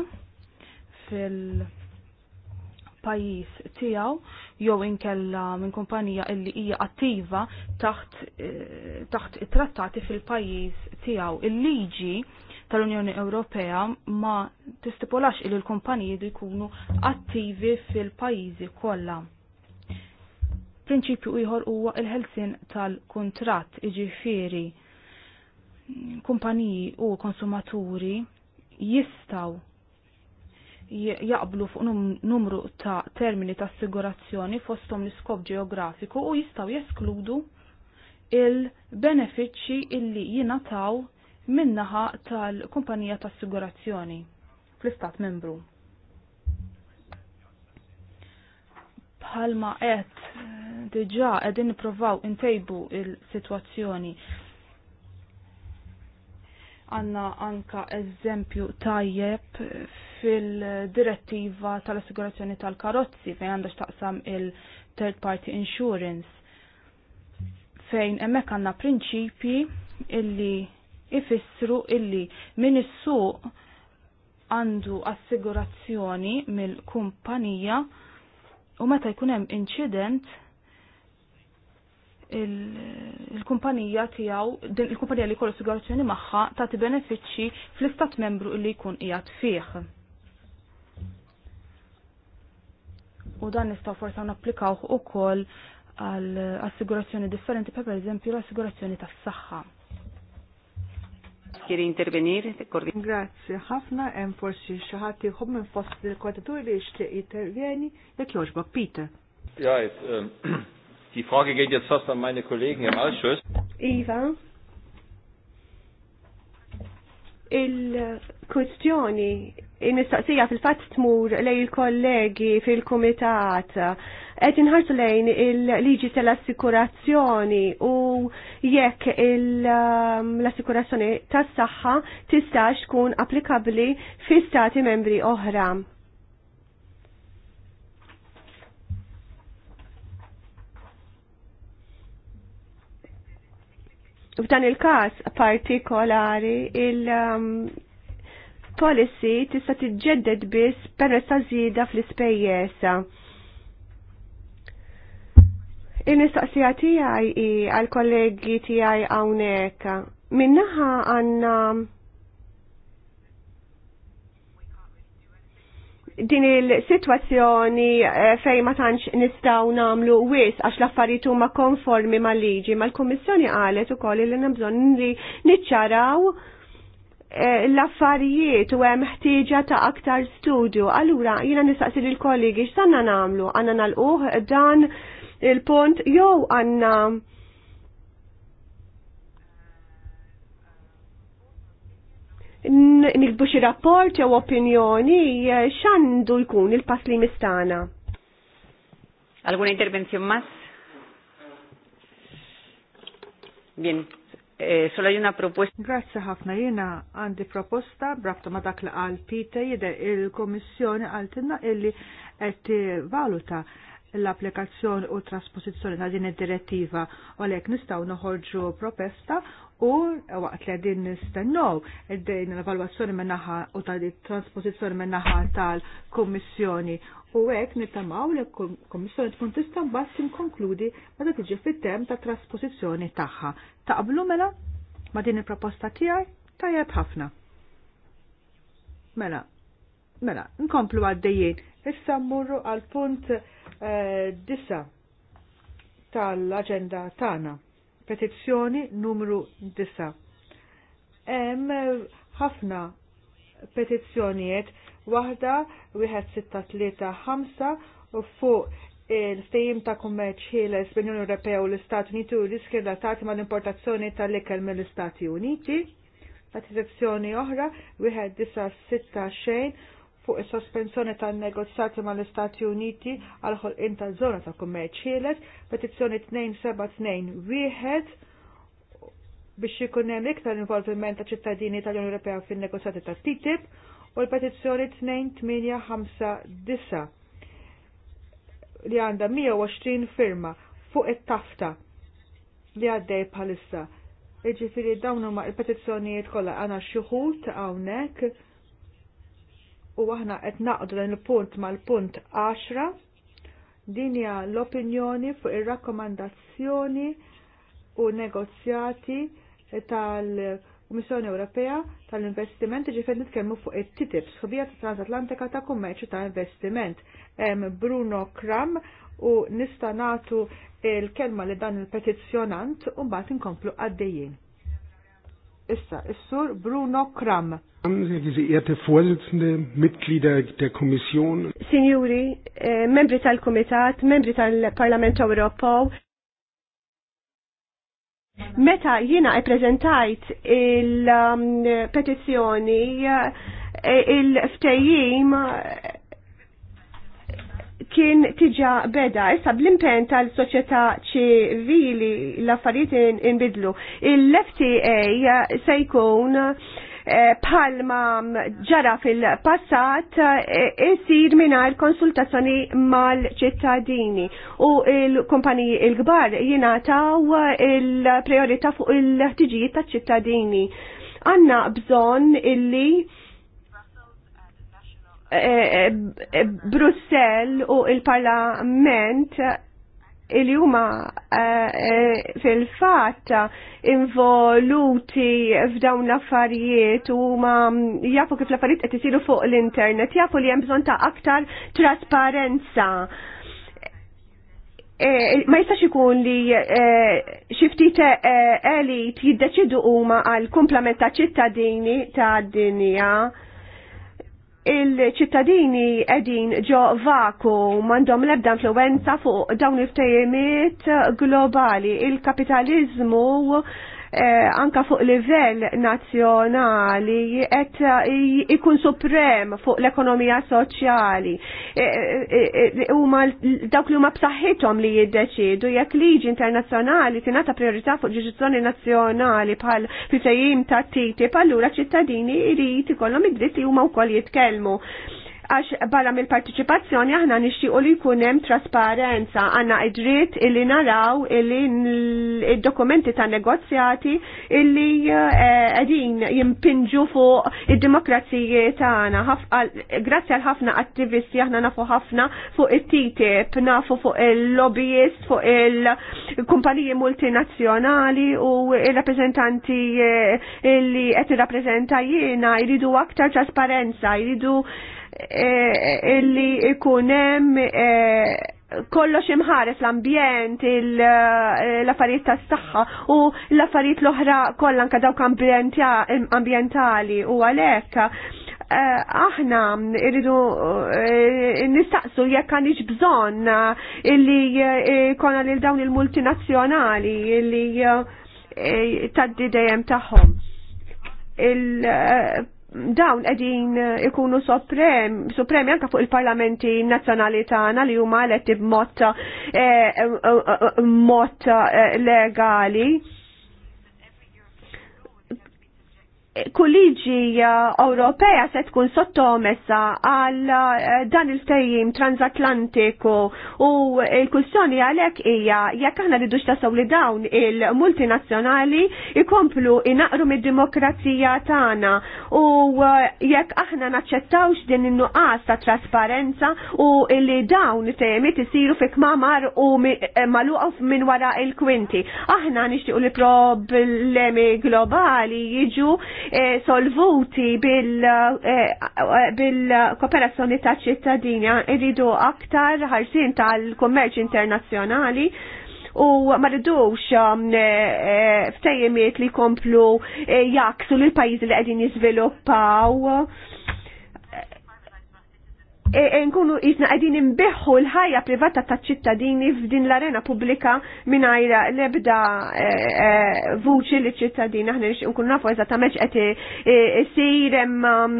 fil- pajis tijaw jew inkella minn kumpanija illi hija attiva taħt, eh, taħt trattati fil-pajis tijaw. Il-liġi tal-Unjoni Ewropea ma tistipulax il l-kumpaniji jkunu attivi fil-pajizi kollha. Prinċipju ieħor huwa il-ħelsin tal-kuntratt iġifieri kumpaniji u konsumaturi jistaw jaqblu fuq numru ta' termini ta' assigurazzjoni fostom l-iskop ġeografiku u jistaw jeskludu il-benefiċċi illi jinataw minnaħa tal-kumpanija ta' assigurazzjoni fl-istat membru. Bħalma qed eh, diġa' qegħdin nippruvaw intejbu il-sitwazzjoni għanna anka eżempju tajjeb fil-direttiva tal-assigurazzjoni tal-karozzi fejn għandax taqsam il-third party insurance fejn emmek għanna prinċipi illi ifissru illi min is-suq għandu assigurazzjoni mill-kumpanija u meta jkun hemm incident il-kumpanija il tijaw, il-kumpanija li kollu sigurazzjoni maħħa ta' ti fl-istat membru li jkun ijat fih. u dan nistaw forsa napplikaw kol għal assigurazzjoni differenti per eżempju l-assigurazzjoni ta' s-saxħa. Kiri intervenir, t-kordi. Grazie, ħafna hemm forsi xaħati ħadd minn fost il-kwadraturi li jixtieq intervjeni jek jogħġbok Peter. Ja, ähm, die Frage geht jetzt fast an meine Kollegen im Ausschuss. Iva, il-kustjoni il-mistaqsija fil-fat tmur lej il-kollegi fil-komitat qed inħarsu lejn il-liġi tal-assikurazzjoni u jekk l-assikurazzjoni tas-saħħa tistax tkun applikabbli fi stati membri oħra. f'dan il-każ partikolari il-policy um, tista' tiġġedded biss permezz ta' żieda fl-ispejjeż. Il-nistaqsija tiegħi għal kollegi tiegħi hawnhekk. Minnaħa għandna din il-situazzjoni eh, fej ma tantx nistgħu nagħmlu wis għax l-affarijiet huma konformi mal-liġi, mal-Kummissjoni qalet ukoll li hemm bżonn li niċċaraw eh, l-affarijiet u hemm ħtieġa ta' aktar studju. Allura jiena nistaqsi lil kollegi x'sanna nagħmlu, għandna nagħlquh dan il-punt jew għandna nikbu xi rapport jew opinjoni eh, x'għandu jkun il-pass li mistana. Alguna intervenzion mas? Bien, eh, solo una proposta. Grazie ħafna jiena għandi proposta brafta ma dak li qal Peter jide il għal għaltinna illi qed valuta l-applikazzjoni u trasposizzjoni ta' din id-direttiva u għalhekk nistgħu noħorġu proposta u waqt li għedin nistennow għedin l-evalwazzjoni mennaħa u ta' transpozizjoni mennaħa tal-Kummissjoni u hekk nittamaw li l-Kummissjoni tkun tista' mbagħad tinkonkludi meta tiġi fit-tem ta' trasposizzjoni tagħha. Taqblu mela ma' din il-proposta tiegħi tajjeb ħafna. Mela, mela, nkomplu għaddejjien. Issa murru għal punt eh, disa tal-aġenda tagħna petizzjoni numru 9. Hemm ħafna petizzjonijiet waħda wieħed sitta tlieta ħamsa u fuq il-ftejim ta' kummerċ ħieles bl-Unjoni Ewropea u l-Istati Uniti u riskja relatati mal importazzjoni tal-ikel mill-Istati Uniti. Petizzjoni oħra wieħed disa' sitta xejn fuq is-sospensjoni tan-negozjati mal-Istati Uniti għal ħolqien taż-żona ta' kummerċ ħieles, petizzjoni 2721 biex ikun hemm iktar involviment ta' ċittadini tal-Unjoni Ewropea fin-negozjati ta' TTIP u l-petizzjoni 2859 li għandha 120 firma fuq it-tafta li għaddej bħalissa. Iġifiri dawn huma l petizzjonijiet kollha għana xuħut hawnhekk u aħna qed naqdu dan il-punt mal-punt 10 din hija l-opinjoni fuq ir-rakkomandazzjoni u negozjati tal-Kummissjoni Ewropea tal-Investimenti ġifier nitkellmu fuq it-TTIP, sħubija transatlantika ta' kummerċu ta' investiment. Hemm Bruno Kram u nista' nagħtu l-kelma li dan il-petizzjonant u mbagħad inkomplu għaddejjin. Issa, Issur Bruno Kram. Sehr geehrte Vorsitzende, Mitglieder der Kommission. Signori, eh, membri tal-Komitat, membri tal Parlamento Ewropew, Meta jina e prezentajt il-petizjoni, um, eh, il-ftejjim kien tiġa beda. Issa bl-impen tal-soċjetà ċivili l-affarijiet inbidlu. Il-FTA se jkun eh, bħalma ġara fil-passat minna eh, mingħajr konsultazzjoni mal-ċittadini u il-kumpaniji il-kbar jingħataw il priorita fuq il-ħtiġijiet taċ-ċittadini. Għanna bżonn illi Eh, eh, eh, Brussell u il-Parlament il huma fil-fatt involuti f'dawn l-affarijiet u ma mm, jafu kif l-affarijiet qed isiru fuq l-internet, jafu li hemm bżonn ta' aktar trasparenza. Ma jistax ikun li xiftit elit jiddeċidu huma għal kumplament ta' ċittadini ta' dinja il-ċittadini edin ġo vaku mandom lebda influenza fuq dawn il-ftejemiet globali. Il-kapitalizmu Eh, anka fuq livell nazzjonali qed eh, ikun suprem fuq l-ekonomija soċjali. Eh, ma dawk li huma b'saħħithom li jiddeċidu jekk liġi internazzjonali tingħata priorità fuq ġurisdizzjoni nazzjonali bħal fil-sejjim ta' TTIP allura ċittadini jrid ikollhom id-dritt li huma wkoll jitkellmu għax barra mill-partiċipazzjoni aħna nixtiequ li jkun hemm trasparenza għandna id-dritt illi naraw illi id-dokumenti ta' negozjati illi eh, qegħdin jimpinġu fuq id-demokrazijiet tagħna. Grazzi għal ħafna attivisti aħna nafu ħafna fuq it-TTIP, nafu fuq il-lobbyist, fuq il-kumpaniji multinazzjonali u il-rappreżentanti eh, illi qed irrappreżenta jiena jridu aktar trasparenza, jridu Eh, illi ikunem eh, kollox imħares l-ambjent, eh, l-affarijiet tas saħħa u l-affarijiet l-oħra kollha anke dawk ambjentali u għalhekk aħna irridu nistaqsu jekk għandix bżonn illi konna lil dawn il-multinazzjonali illi taddi dejjem tagħhom dawn edin eh, ikunu supremi suprem anka fuq il-parlamenti nazzjonali tagħna li huma eletti b'mod eh, eh, legali kulliġi eh, Ewropea se tkun sottomessa għal eh, dan il-tejjim transatlantiku u il-kussjoni għalek hija jekk aħna ridux tasaw li dawn il-multinazzjonali ikomplu inaqru mid-demokrazija tagħna u eh, jekk aħna naċċettawx din in-nuqqas ta' trasparenza u li dawn temiet isiru fi kmamar u maluqof minn wara il-kwinti. Aħna nixtiequ li problemi globali jiġu Eh, solvuti bil-kooperazzjoni eh, eh, ta' ċittadina irridu aktar ħarsin tal-kummerċ internazzjonali u ma rridux um, ftejjemiet li komplu jaksu l pajjiżi li qegħdin jiżviluppaw E, e, nkunu jisna għedin imbeħu l-ħajja privata ta' ċittadini f'din l-arena publika minajra lebda e, vuċi li ċittadini aħna nix nkunu nafu eżattament qed isir um,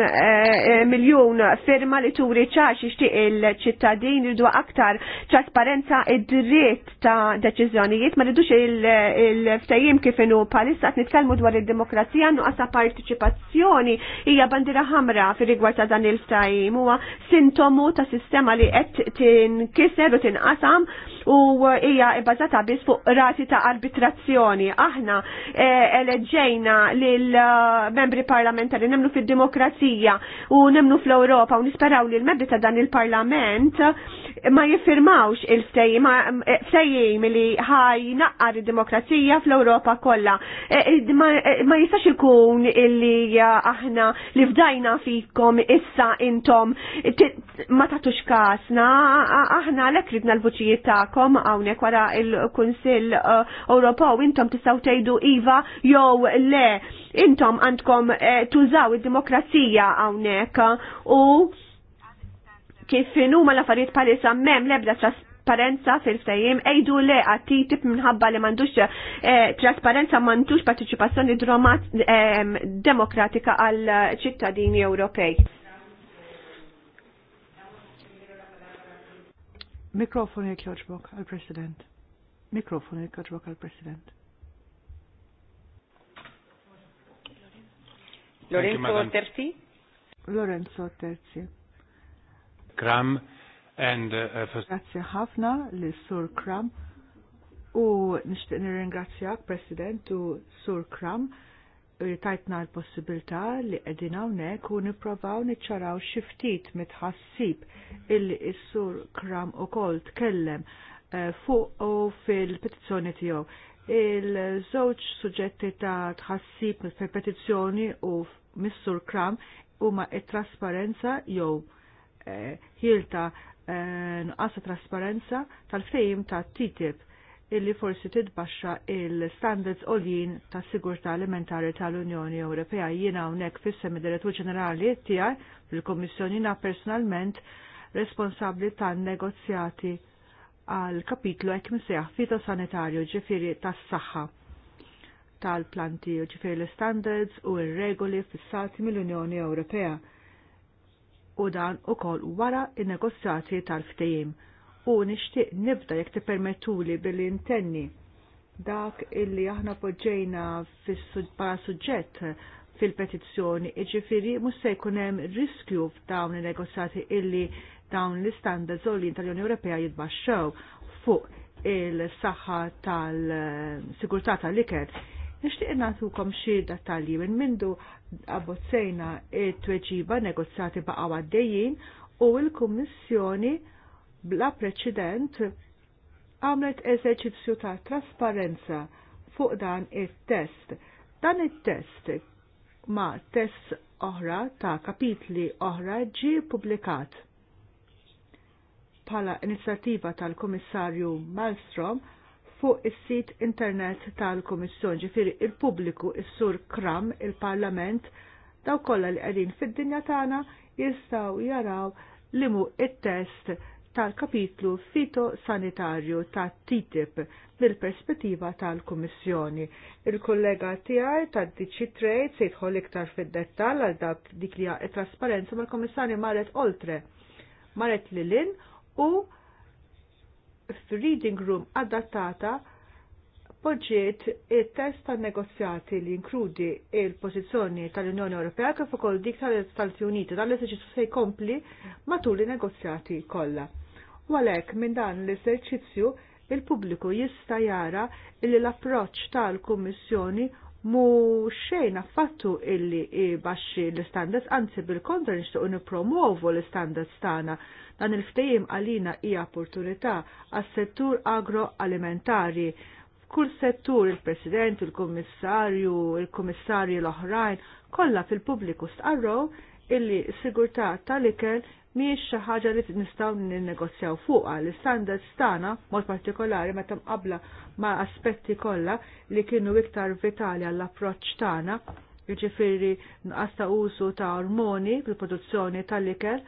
miljon firma li turi ċaċ ixtieq il-ċittadini dwa aktar trasparenza id-dritt ta' deċiżjonijiet ma ridux il-ftajim kif inhu palissa qed dwar id-demokrazija għannu għasa partiċipazzjoni hija bandira ħamra fir-rigward ta' dan il-ftajim huwa sint sintomu ta' sistema li qed tinkiser u tinqasam u hija bbażata biss fuq rati ta' arbitrazzjoni. Aħna eh, eleġġejna lil eh, membri parlamentari nemmnu fid-demokrazija u nemmnu fl-Ewropa u nisperaw li l-membri ta' dan il-parlament eh, ma jiffirmawx il-ftejim li ħaj naqqar id-demokrazija fl-Europa kollha. Ma jistax ikun illi aħna li fdajna fikom issa intom ma tagħtux kasna, aħna l ridna l-vuċijiet tagħkom hawnhekk wara il-Kunsill uh, Ewropew intom tistgħu tgħidu iva jew le intom għandkom eh, tużaw id-demokrazija hawnhekk u kif huma l-affarijiet palissa mem l-ebda trasparenza fil-fejjem ejdu le għattitib minħabba li mandux eh, trasparenza mandux partiċipazzjoni eh, demokratika għal ċittadini Ewropej. Mikrofon jekħoġbok għal-President. Mikrofon jekħoġbok għal-President. Lorenzo Terzi? Lorenzo Terzi. Kram uh, uh, Grazie ħafna li Sur Kram u nishtiq nirringrazzjak President u Sur Kram tajtna l-possibilità li qegħdin hawnhekk u nipprovaw niċċaraw xi ftit mitħassib illi issur sur Kram ukoll tkellem eh, fuq u fil-petizzjoni tiegħu. Il-żewġ suġġetti ta' tħassib fil-petizzjoni u mis-sur Kram huma it-trasparenza jew eh, ħilta eh, nqasa trasparenza tal-fejm ta' TTIP illi forsi tidbaxxa il-standards oljin ta' sigurtà alimentari tal-Unjoni Ewropea. Jiena hawnhekk fis-semi direttur ġenerali tiegħi fil-Kummissjoni na personalment responsabbli tan-negozjati għal kapitlu hekk misejjaħ fitosanitarju ġifieri tas-saħħa tal-planti u ġifieri l-standards u r-regoli fissati mill-Unjoni Ewropea u dan ukoll wara in-negozjati tal-ftehim u nixtieq nibda jekk tippermettuli billi intenni dak illi aħna poġġejna fis suġġett fil-petizzjoni, iġifiri mhux se jkun hemm riskju f'dawn in-negozjati illi dawn l-istandards li tal-Unjoni Ewropea jitbaxxew fuq il-saħħa tal-sigurtà tal-iker. Nixtieq nagħtukom xi dettalji minn mindu abbozzejna t tweġiba negozjati baqgħu għaddejjin u l-Kummissjoni bla preċedent għamlet eżerċizzju ta' trasparenza fuq dan it-test. Dan it-test ma' test oħra ta' kapitli oħra ġi publikat. Pala inizjattiva tal-Komissarju Malmstrom fuq is-sit internet tal-Komissjon ġifiri il-pubbliku is-sur Kram il-Parlament daw kollha li qegħdin fid-dinja tagħna jistgħu jaraw li mhu it-test tal-kapitlu fito-sanitarju ta' TTIP mill-perspettiva tal-Kummissjoni. Il-kollega tiegħi tad dici Trade se jidħol iktar fid-dettall għal dak dik li hija trasparenza mal-Kummissarju Maret Oltre, Maret Lilin u reading room adattata poġġiet il-test tan negozjati li inkludi il-pozizjoni tal-Unjoni Ewropea kif ukoll dik tal-Istati Uniti dan li se jkompli matul in negozjati kollha. Walek minn dan l-eżerċizzju il-pubbliku jista' jara li l-approċċ tal-Kummissjoni mu xejn affattu illi baxxi l-standards, anzi bil-kontra nixtiequ nippromovu l-standards tagħna. Dan il-ftehim għalina hija opportunità għas-settur agroalimentari. Kull settur il-President, il-Kummissarju, il-Kummissarji l-oħrajn kollha fil-pubbliku stqarrow illi s sigurtà tal-ikel miex xi ħaġa li nistgħu ninnegozjaw fuqha l istandards tagħna mod partikolari meta mqabla ma' aspetti kollha li kienu iktar vitali għall approċċ tagħna, jiġifieri nqas ta' użu ta' ormoni fil-produzzjoni tal-ikel,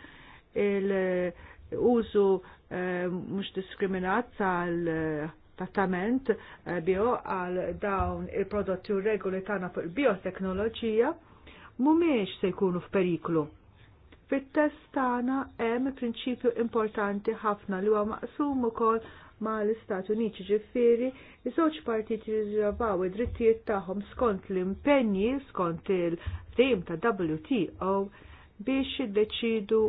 il-użu eh, eh, mhux diskriminat tal eh, trattament bio għal dawn il-prodotti u regoli tagħna fuq il-bioteknoloġija mhumiex se jkunu f'periklu Fit-test tagħna hemm prinċipju importanti ħafna li huwa maqsum ukoll ma' l-Istati Uniti ġifiri, li żewġ partiti jirriżravaw id-drittijiet tagħhom skont l-impenji skont il-ftehim ta' WTO biex jiddeċidu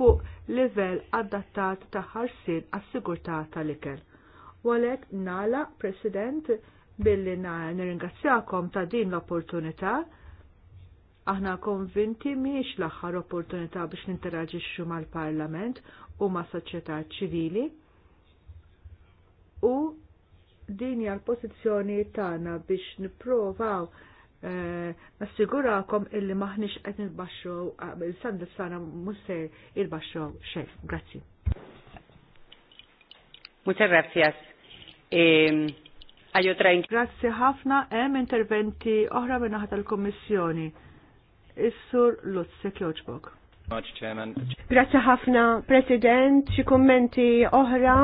fuq livell adattat ta' ħarsien għas-sigurtà tal-ikel. Walek nala, President, billi nirringrazzjakom ta' din l-opportunità Aħna konvinti miex l-aħħar opportunità biex ninteraġixxu mal-Parlament u ma' soċjetà ċivili u din hija l-pożizzjoni tagħna biex nipprovaw eh, nassigurakom illi maħniex qed nibbaxxew eh, il-sandal sana mhux il jilbaxxew xejn. Grazzi. Muchas gracias. għajotra trajn. Grazzi ħafna, hemm interventi oħra minn naħat tal-Kommissjoni. Is-sur Lutz Kjoġbok. Grazie ħafna, President, xi kummenti oħra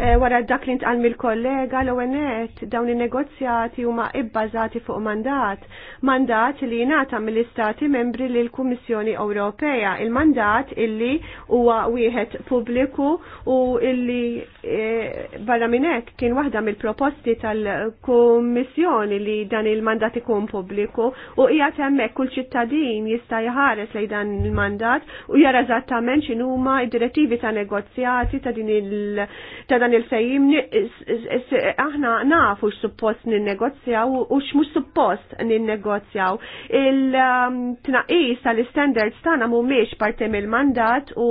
eh, wara dak li ntqal mill-kollega l ewwelnet dawn in-negozjati huma ibbażati fuq mandat, mandat li jingħata mill-Istati membri lil kummissjoni Ewropea, il-mandat illi huwa wieħed pubbliku u illi eh, barra minn hekk kien waħda mill-proposti tal-Kummissjoni li dan il-mandat ikun pubbliku u hija hemmhekk kull ċittadin jista' jħares lejn dan il-mandat negozjat u jara eżattament x'inhu huma id direttivi ta' negozjati ta' din il ta' dan il fejim aħna nafu x'suppost ninnegozjaw u mux suppost ninnegozjaw. Il-tnaqis um, tal-standards tagħna mhumiex parti mill-mandat u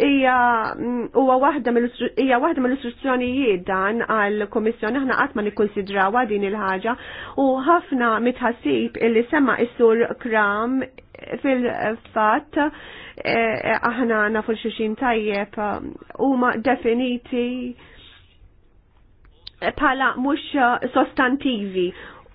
hija mm, waħda mill-istruzzjonijiet dan għall-Kummissjoni aħna qatt ma nikkonsidrawha din il-ħaġa u ħafna mitħassib illi semma is-sur Kram fil-fat e, e, aħna nafu xuxin tajjeb e, huma definiti bħala mhux sostantivi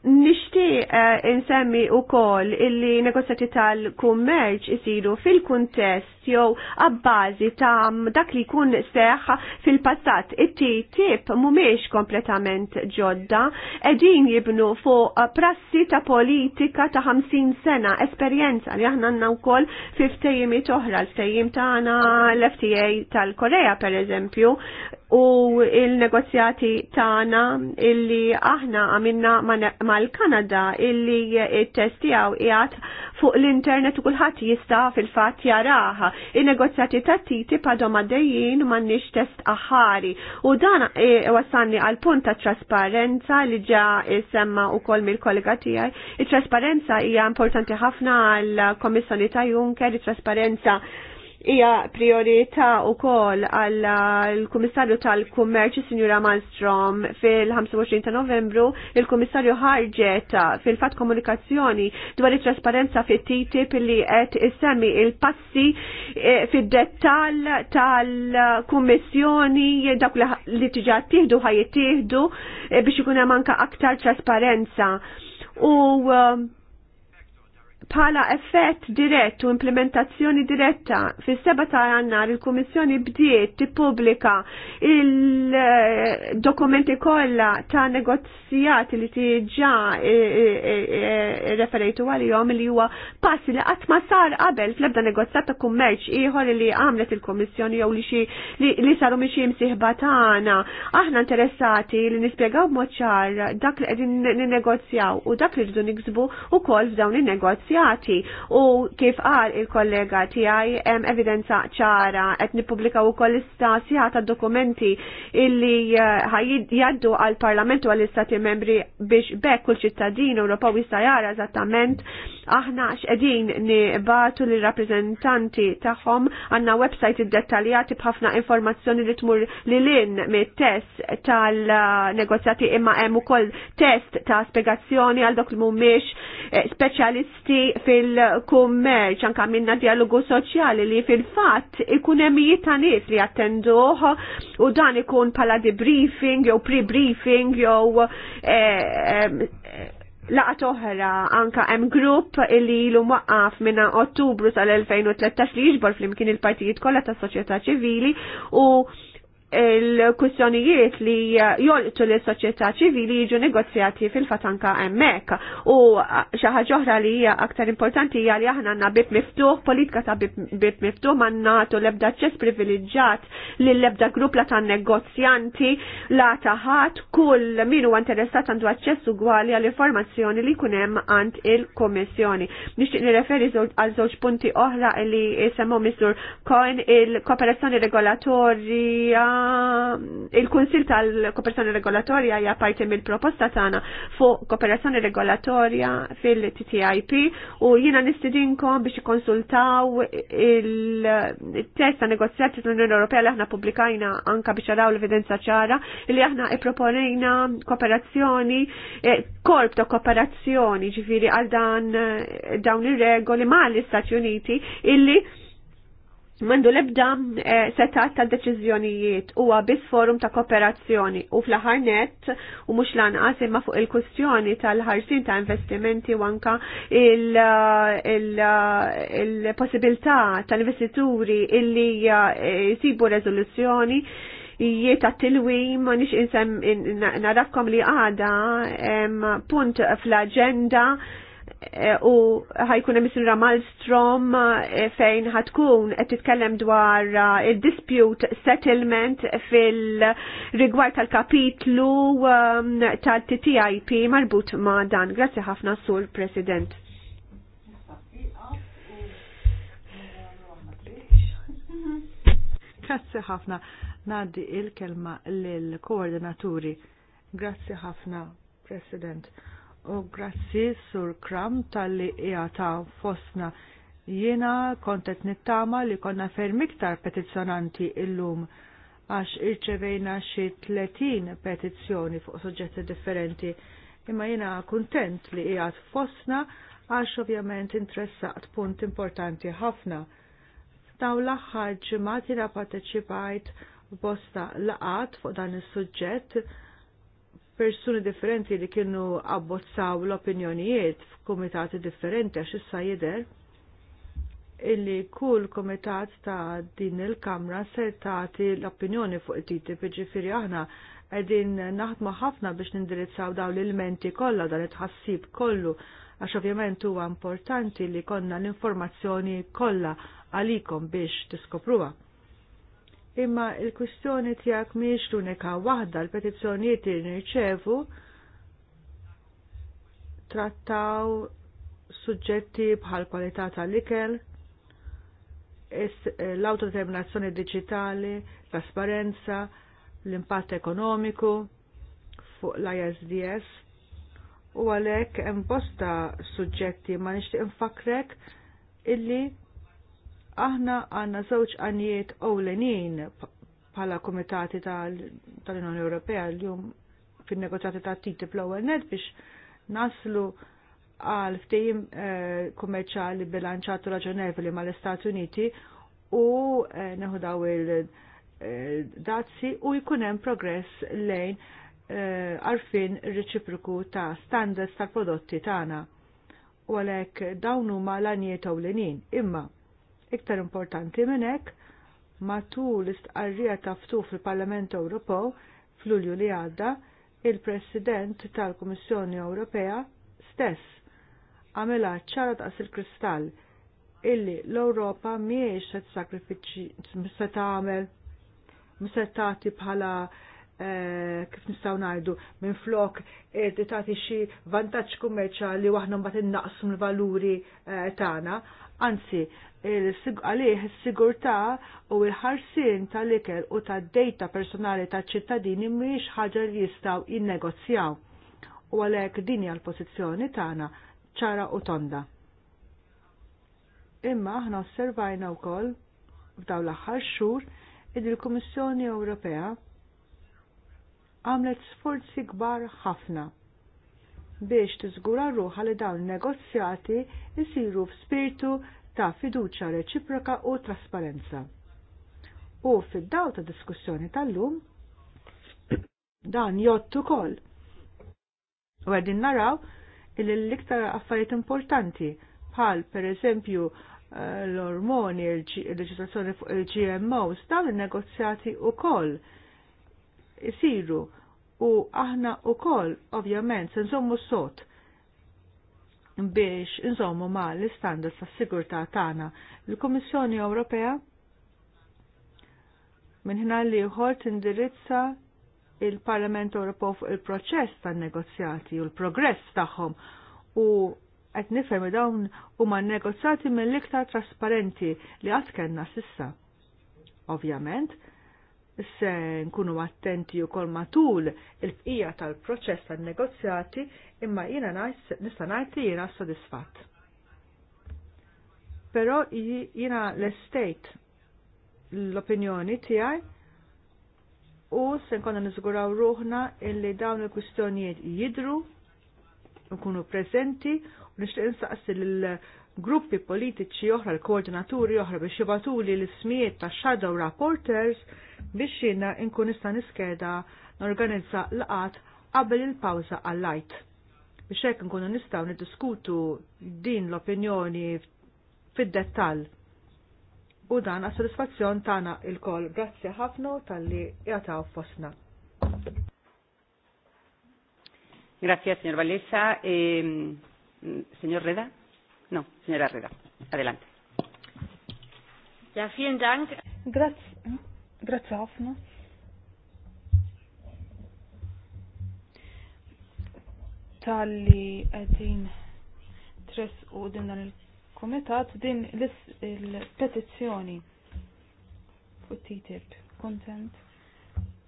Nishtiq eh, insemmi u kol illi negozjati tal-kummerċ isiru fil-kuntest jew abbażi ta' dak li kun seħħa fil-passat. It-tip mumiex kompletament ġodda, edin jibnu fuq prassi ta' politika ta' 50 sena, esperjenza li aħna għanna u kol fiftejimi toħra, l-ftejim ta' għana l-FTA tal-Korea per eżempju, u il-negozjati tagħna illi aħna għamilna ma' mal-Kanada illi il testijaw tiegħu fuq l-internet u kulħadd jista' fil-fatt jaraha. In-negozjati ta' titi padhom għaddejjin m'għandniex test aħari u dan e, wasanni għal punt ta' trasparenza li ġa semma wkoll mill-kollega tiegħi. it trasparenza hija importanti ħafna għall-Komissjoni ta' Juncker, it-trasparenza hija priorità wkoll għall kummissarju tal-Kummerċ Sinjura Malmstrom fil-25 ta' Novembru il-Kummissarju ħarġet fil-fatt komunikazzjoni dwar it-trasparenza fit TTIP li qed issemmi il-passi e, fid-dettall tal-Kummissjoni dak li tiġa tieħdu ħajjittieħdu e, biex ikun hemm anke aktar trasparenza. U um, Bħala effett dirett u implementazzjoni diretta fis seba ta' jannar il-Kummissjoni bdiet tippubblika il-dokumenti kollha ta' negozjati li tiġa e, e, e, referejtu għalihom li huwa passi li qatt ma sar qabel fl-ebda negozjat ta' kummerċ ieħor li għamlet il-Kummissjoni jew li xi li saru minn xi tagħna. Aħna interessati li nispjegaw b'mod ċar dak li qegħdin ninnegozjaw u dak li rridu niksbu ukoll f'dawn in-negozjati negozjati u kif qal il-kollega tiegħi hemm evidenza ċara qed nippubblika wkoll istasja ta' dokumenti illi eh, jaddu għal Parlament u għall-Istati membri biex bekk kull ċittadin Ewropew jista' jara eżattament aħna x'qegħdin nibatu lir rappreżentanti tagħhom għandna website iddettaljati b'ħafna informazzjoni li tmur lil in mit-test tal-negozjati imma hemm ukoll test ta' spjegazzjoni għal dok li mhumiex eh, speċjalisti fil-kummerċ, anka minna dialogu soċjali li fil-fat ikun hemm ta' nies li jattenduh u dan ikun pala debriefing jew pre-briefing jew eh, eh, laqat oħra anka hemm grupp illi ilu waqqaf minn Ottubru tal-2013 li jiġbor flimkien il-partijiet kollha tas-soċjetà ċivili u il-kwistjonijiet li jolqtu l soċjetà ċivili jiġu negozjati fil-fatanka emmek. U xaħġa oħra li hija aktar importanti hija li aħna għandna bib miftuħ, politika ta' bib miftuħ ma nagħtu l-ebda ċess privileġġat li l-ebda grupp la ta' negozjanti la taħat kull min huwa interessat għandu aċċess ugwali għall-informazzjoni li jkun hemm għand il-Kummissjoni. Nixtieq nirreferi għal żewġ punti oħra li semmu Mistur Cohen il-kooperazzjoni regolatorja il-Kunsil tal-Kooperazzjoni Regolatorja hija parti mill-proposta tagħna fuq kooperazzjoni regolatorja fil-TTIP u jiena nistidinkom biex ikkonsultaw il-test ta' negozjati tal-Unjoni Ewropea li aħna pubblikajna anka biex araw l-evidenza ċara li aħna ipproponejna kooperazzjoni eh, korp ta' kooperazzjoni ġifieri għal dan eh, dawn ir-regoli mal istati Uniti illi Mandu lebda eh, setat tal-deċizjonijiet huwa biss forum ta' kooperazzjoni u fl-aħħar net u mhux lanqas imma fuq il kustjoni tal-ħarsin ta' investimenti u anka eh, eh, il-possibilità tal-investituri illi jsibu rezoluzzjoni jiet għat-tilwim, ma nix insem narafkom li għada punt fl-agenda u ħajkun hemm isra Malmstrom eh, fejn ħatkun qed titkellem dwar eh, il-dispute settlement fil-rigward tal-kapitlu ehm, tal-TTIP marbut ma' dan. Grazzi ħafna sur President. Grazzi ħafna. Nadi il-kelma lill koordinaturi Grazzi ħafna, President u grazzi sur kram tal-li ta' fosna. Jiena kontet nittama li konna ferm iktar petizzjonanti illum għax irċevejna xi 30 petizzjoni fuq soġġetti differenti. Imma jiena kuntent li qiegħed fosna għax ovvjament interessat punt importanti ħafna. Daw l-aħħar ġimgħat jiena parteċipajt bosta laqat fuq dan is-suġġett persuni differenti li kienu abbozzaw l-opinjonijiet f'kumitati differenti għax issa jidher illi kull komitat ta' din il-kamra se tagħti l-opinjoni fuq it-TTIP, ġifieri aħna qegħdin naħdmu ħafna biex nindirizzaw dawn l-elementi kollha dan it-ħassib kollu għax ovvjament huwa importanti li konna l-informazzjoni kollha għalikom biex tiskopruha imma il-kwistjoni tiegħek mhijiex l-unika waħda l-petizzjonijiet li nirċevu trattaw suġġetti bħal kwalità tal-ikel, l-autodeterminazzjoni digitali, trasparenza, l-impatt ekonomiku fuq l-ISDS u għalhekk hemm bosta suġġetti ma nixtieq infakrek illi Aħna għanna żewġ għanijiet ewlenin bħala komitati tal-Unjoni Ewropea l-jum fin-negozjati ta' TTIP l-ewwel net biex naslu għal ftehim eh, kummerċali bilanċatu raġonevoli mal-Istati Uniti u eh, neħu daw il-dazzi eh, u jkun hemm progress lejn għarfin reċipruku ta' standards tal-prodotti tagħna. U għalhekk dawn huma l-għanijiet ewlenin imma Iktar importanti minn hekk, matul istqarrija taftu fil-Parlament Ewropew fl-Ulju li għadda, il-President tal-Kummissjoni Ewropea stess għamela ċara taqs il-kristall illi l-Ewropa miex qed sakrifiċċji għamel, tagħmel msettati bħala Eh, kif nistgħu ngħidu minn flok eh, tagħti xi vantaġġ kummerċjali waħna mbagħad innaqsmu l-valuri eh, tagħna. Anzi, għalih is-sigurtà u l-ħarsien tal-ikel u tad-dejta personali taċ-ċittadini mhijiex ħaġa li jistgħu jinnegozjaw. U għalhekk din hija l-pożizzjoni tagħna ċara u tonda. Imma aħna osservajna wkoll f'dawn l-aħħar xhur id kummissjoni Ewropea għamlet sforzi kbar ħafna biex tiżgura ruħa li dawn negozjati jisiru f'spirtu ta' fiduċa reċiproka u trasparenza. U fid-daw ta' diskussjoni tal-lum, dan jottu kol. U għedin naraw il liktar iktar affarijiet importanti bħal per eżempju eh, l-ormoni, il-leġislazzjoni fuq il-GMOs, dawn il-negozjati u kol isiru u aħna u kol, ovvjament, se nżommu sot biex nżommu ma l-istandards ta' sigurtà tagħna. l kummissjoni Ewropea minn ħna li ieħor indirizza il-Parlament Ewropew fuq il-proċess tan-negozjati u l-progress tagħhom u qed nifhem dawn huma negozjati mill-iktar trasparenti li qatt kellna sissa. Ovvjament, se nkunu attenti u kol matul il-fqija tal-proċess tal-negozjati imma jina nista ngħid li jina sodisfatt. Però jina l-estate l-opinjoni tiegħi u se nkonna niżguraw ruħna illi dawn il-kwistjonijiet jidru nkunu prezenti u nixtieq -l, lil gruppi politiċi oħra l-koordinaturi oħra biex li l-ismijiet ta' shadow rapporters biex jina nkun nista' niskeda norganizza laqat qabel il-pawza għall-lajt. Biex hekk nkunu nistgħu niddiskutu din l-opinjoni fid-dettall. U dan għas-sodisfazzjon tagħna il-kol. Grazzi ħafna tal-li jataw fosna. Grazie, signor Vallessa. E, eh, mm, signor Reda. No, signora Herrera. Adelante. Ja, vielen Dank. Grazie. Grazie ħafna. Tali għedin tres u din dan il-komitat din il-petizzjoni fuq TTIP. Kontent.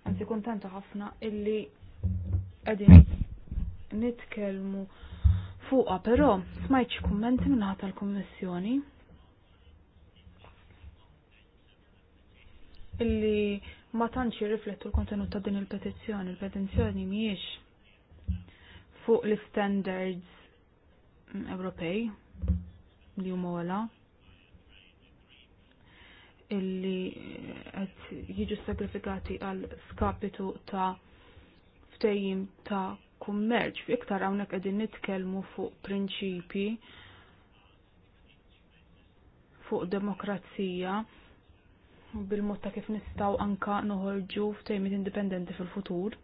Anzi kontenta ħafna illi għedin nitkelmu fuqa, però smajtx kummenti minn tal-Kummissjoni. Illi ma tantx jirriflettu l-kontenut ta' din il-petizzjoni. Il-petizzjoni mhijiex fuq l-standards Ewropej li huma wala illi qed jiġu sagrifikati għal skapitu ta' ftejjim ta' kummerċ, iktar hawnhekk qegħdin nitkellmu fuq prinċipji fuq demokrazija bil-mod ta' kif nistgħu anka noħorġu f'tejmiet indipendenti fil-futur.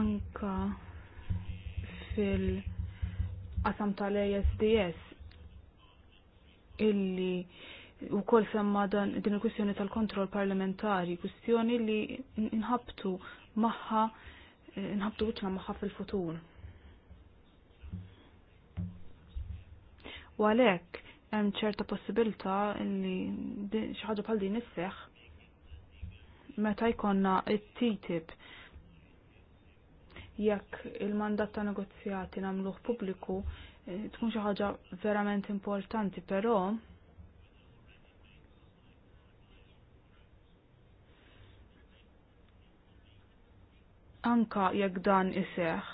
Anka fil-qasam tal-ASDS illi u kol semma dan din il-kwistjoni tal-kontroll parlamentari, kwistjoni li nħabtu maħħa, eh, nħabtu uċna maħħa fil-futur. U għalek, hemm ċerta possibilità li xi ħaġa bħal din isseħħ meta jkollna t-TTIP jekk il-mandat ta' negozjati nagħmluh pubbliku eh, tkun xi ħaġa verament importanti, però anka jekk dan iseħ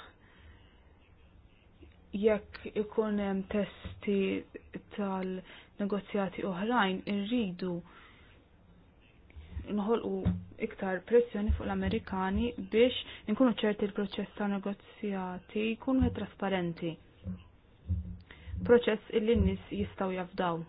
jekk ikun hemm testi tal-negozjati oħrajn irridu nħolqu iktar pressjoni fuq l-Amerikani biex inkunu ċerti l-proċess ta' negozjati jkunu trasparenti. Proċess illi n-nis jistaw jafdaw.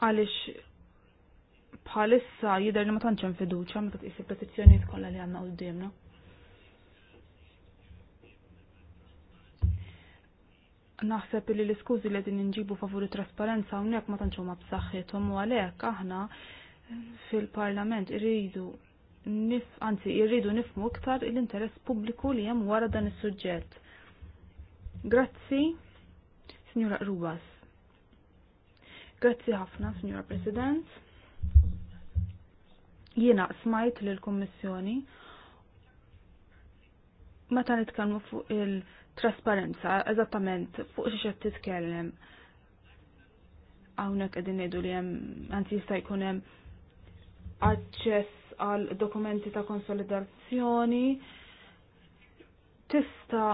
għaliex bħalissa jidher li ma tantx hemm fiduċja meta tqis il-petizzjonijiet kollha li għandna qudiemna. Naħseb li l-iskużi li qegħdin nġibu favuri trasparenza hawnhekk ma tantx huma b'saħħithom u għalhekk aħna fil-Parlament irridu nif, anzi, irridu nifmu iktar l-interess pubbliku li hemm wara dan is-suġġett. Grazzi, Signora Rubas. Grazzi ħafna, Signor President. Jiena smajt lill-Kummissjoni meta nitkellmu fuq il-trasparenza, eżattament fuq xi qed titkellem. Hawnhekk qegħdin ngħidu li hemm anzi jista' jkun hemm aċċess għal dokumenti ta' konsolidazzjoni tista'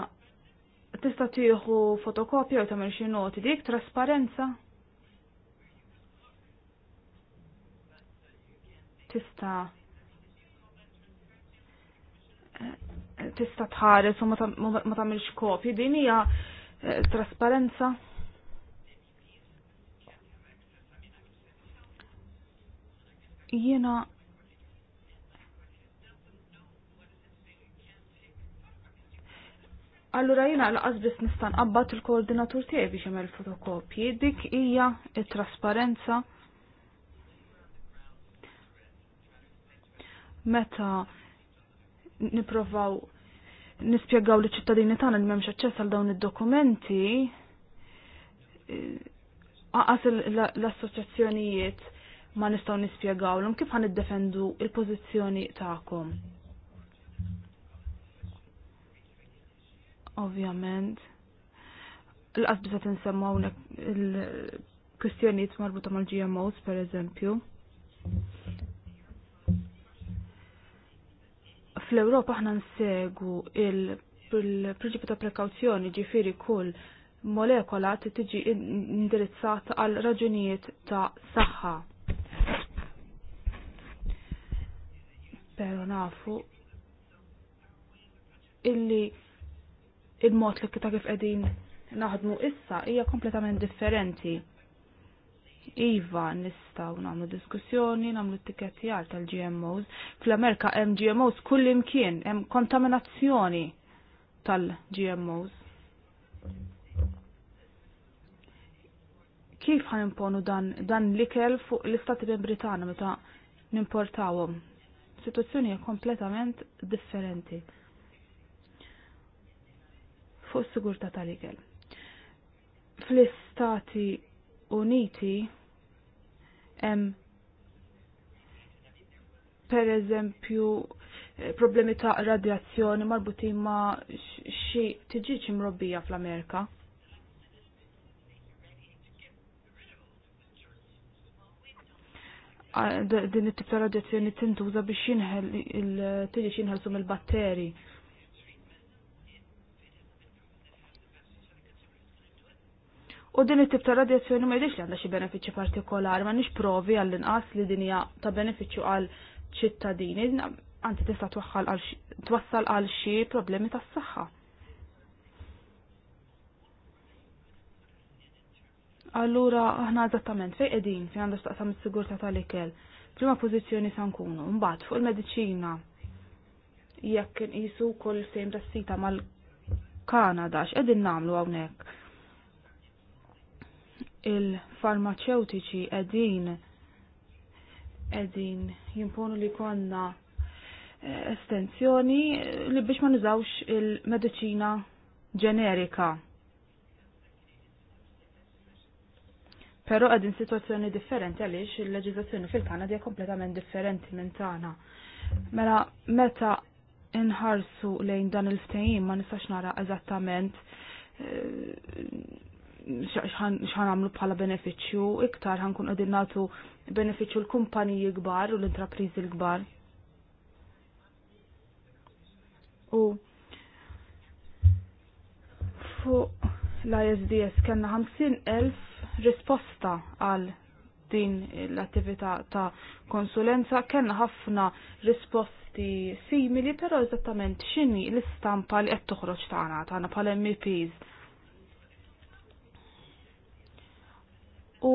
tista' tieħu fotokopja u tagħmel xi noti dik trasparenza tista' tista' tħares u ma tagħmilx kopji. Din hija eh, trasparenza. Jiena Allura jiena laqas biss nista' nqabbad il-koordinatur tiegħi biex jagħmel fotokopji. Dik hija t trasparenza meta niprofaw nispjegaw li ċittadini tagħna li m'hemmx aċċess għal dawn id-dokumenti eh, għas l-assoċjazzjonijiet ma nistgħu nispjegawlhom kif ħan iddefendu il-pożizzjoni tagħkom. Ovvjament, l-qasbi se tinsemmaw il-kwistjonijiet marbuta mal-GMOs, per eżempju. fl-Ewropa aħna nsegu il-prinċipju ta' prekawzjoni ġifiri kull molekola tiġi indirizzata għal raġunijiet ta' saħħa. Pero nafu illi il-mod li ta' kif qegħdin naħdmu issa hija kompletament differenti. Iva nistaw namlu diskussjoni, namlu t-tikettijar tal-GMOs. Fl-Amerika hemm GMOs kull imkien, hemm kontaminazzjoni tal-GMOs. Kif ħan imponu dan, dan l-ikel fuq l-Istati Membri tagħna meta nimportawhom? Situazzjoni kompletament differenti. Fuq s-sigurta tal-ikel. Fl-Istati Uniti Em, per eżempju, eh, problemi ta' radjazzjoni marbuti ma' xi tiġiġ imrobbija fl-Amerika. din it-tip ta' radjazzjoni tintuża biex jinħel il-tiġi jinħelsum il-batteri. il U din it-tip ta' radjazzjoni ma jidhirx li għandha xi benefiċċji partikolari, ma nix provi għall-inqas li din hija ta' benefiċċju għal ċittadini, anzi tista' twassal għal xi problemi tas-saħħa. Allura aħna eżattament fejn qegħdin fejn għandha x'taqsam is-sigurtà tal-ikel. Prima pożizzjoni sa nkunu, mbagħad fuq il-mediċina jekk inqisu kull fejn tas-sita mal-Kanada x'qegħdin nagħmlu hawnhekk il-farmaceutiċi edin edin jimponu li konna eh, estensjoni li biex ma nużawx il-medicina ġenerika. Pero għadin situazzjoni differenti għaliex il-leġizazzjoni fil-Kanada hija kompletament differenti minn tagħna. Mela meta inħarsu lejn dan il-ftehim ma nistax nara eżattament eh, xan għamlu bħala beneficju, iktar ħankun għedin natu beneficju l-kumpaniji gbar u l-intraprizi l-gbar. U fuq l-ISDS kena 50.000 risposta għal din l-attività ta' konsulenza, kena ħafna risposti simili, pero eżattament xini l-istampa li qed toħroġ tagħna għana bħala MPs u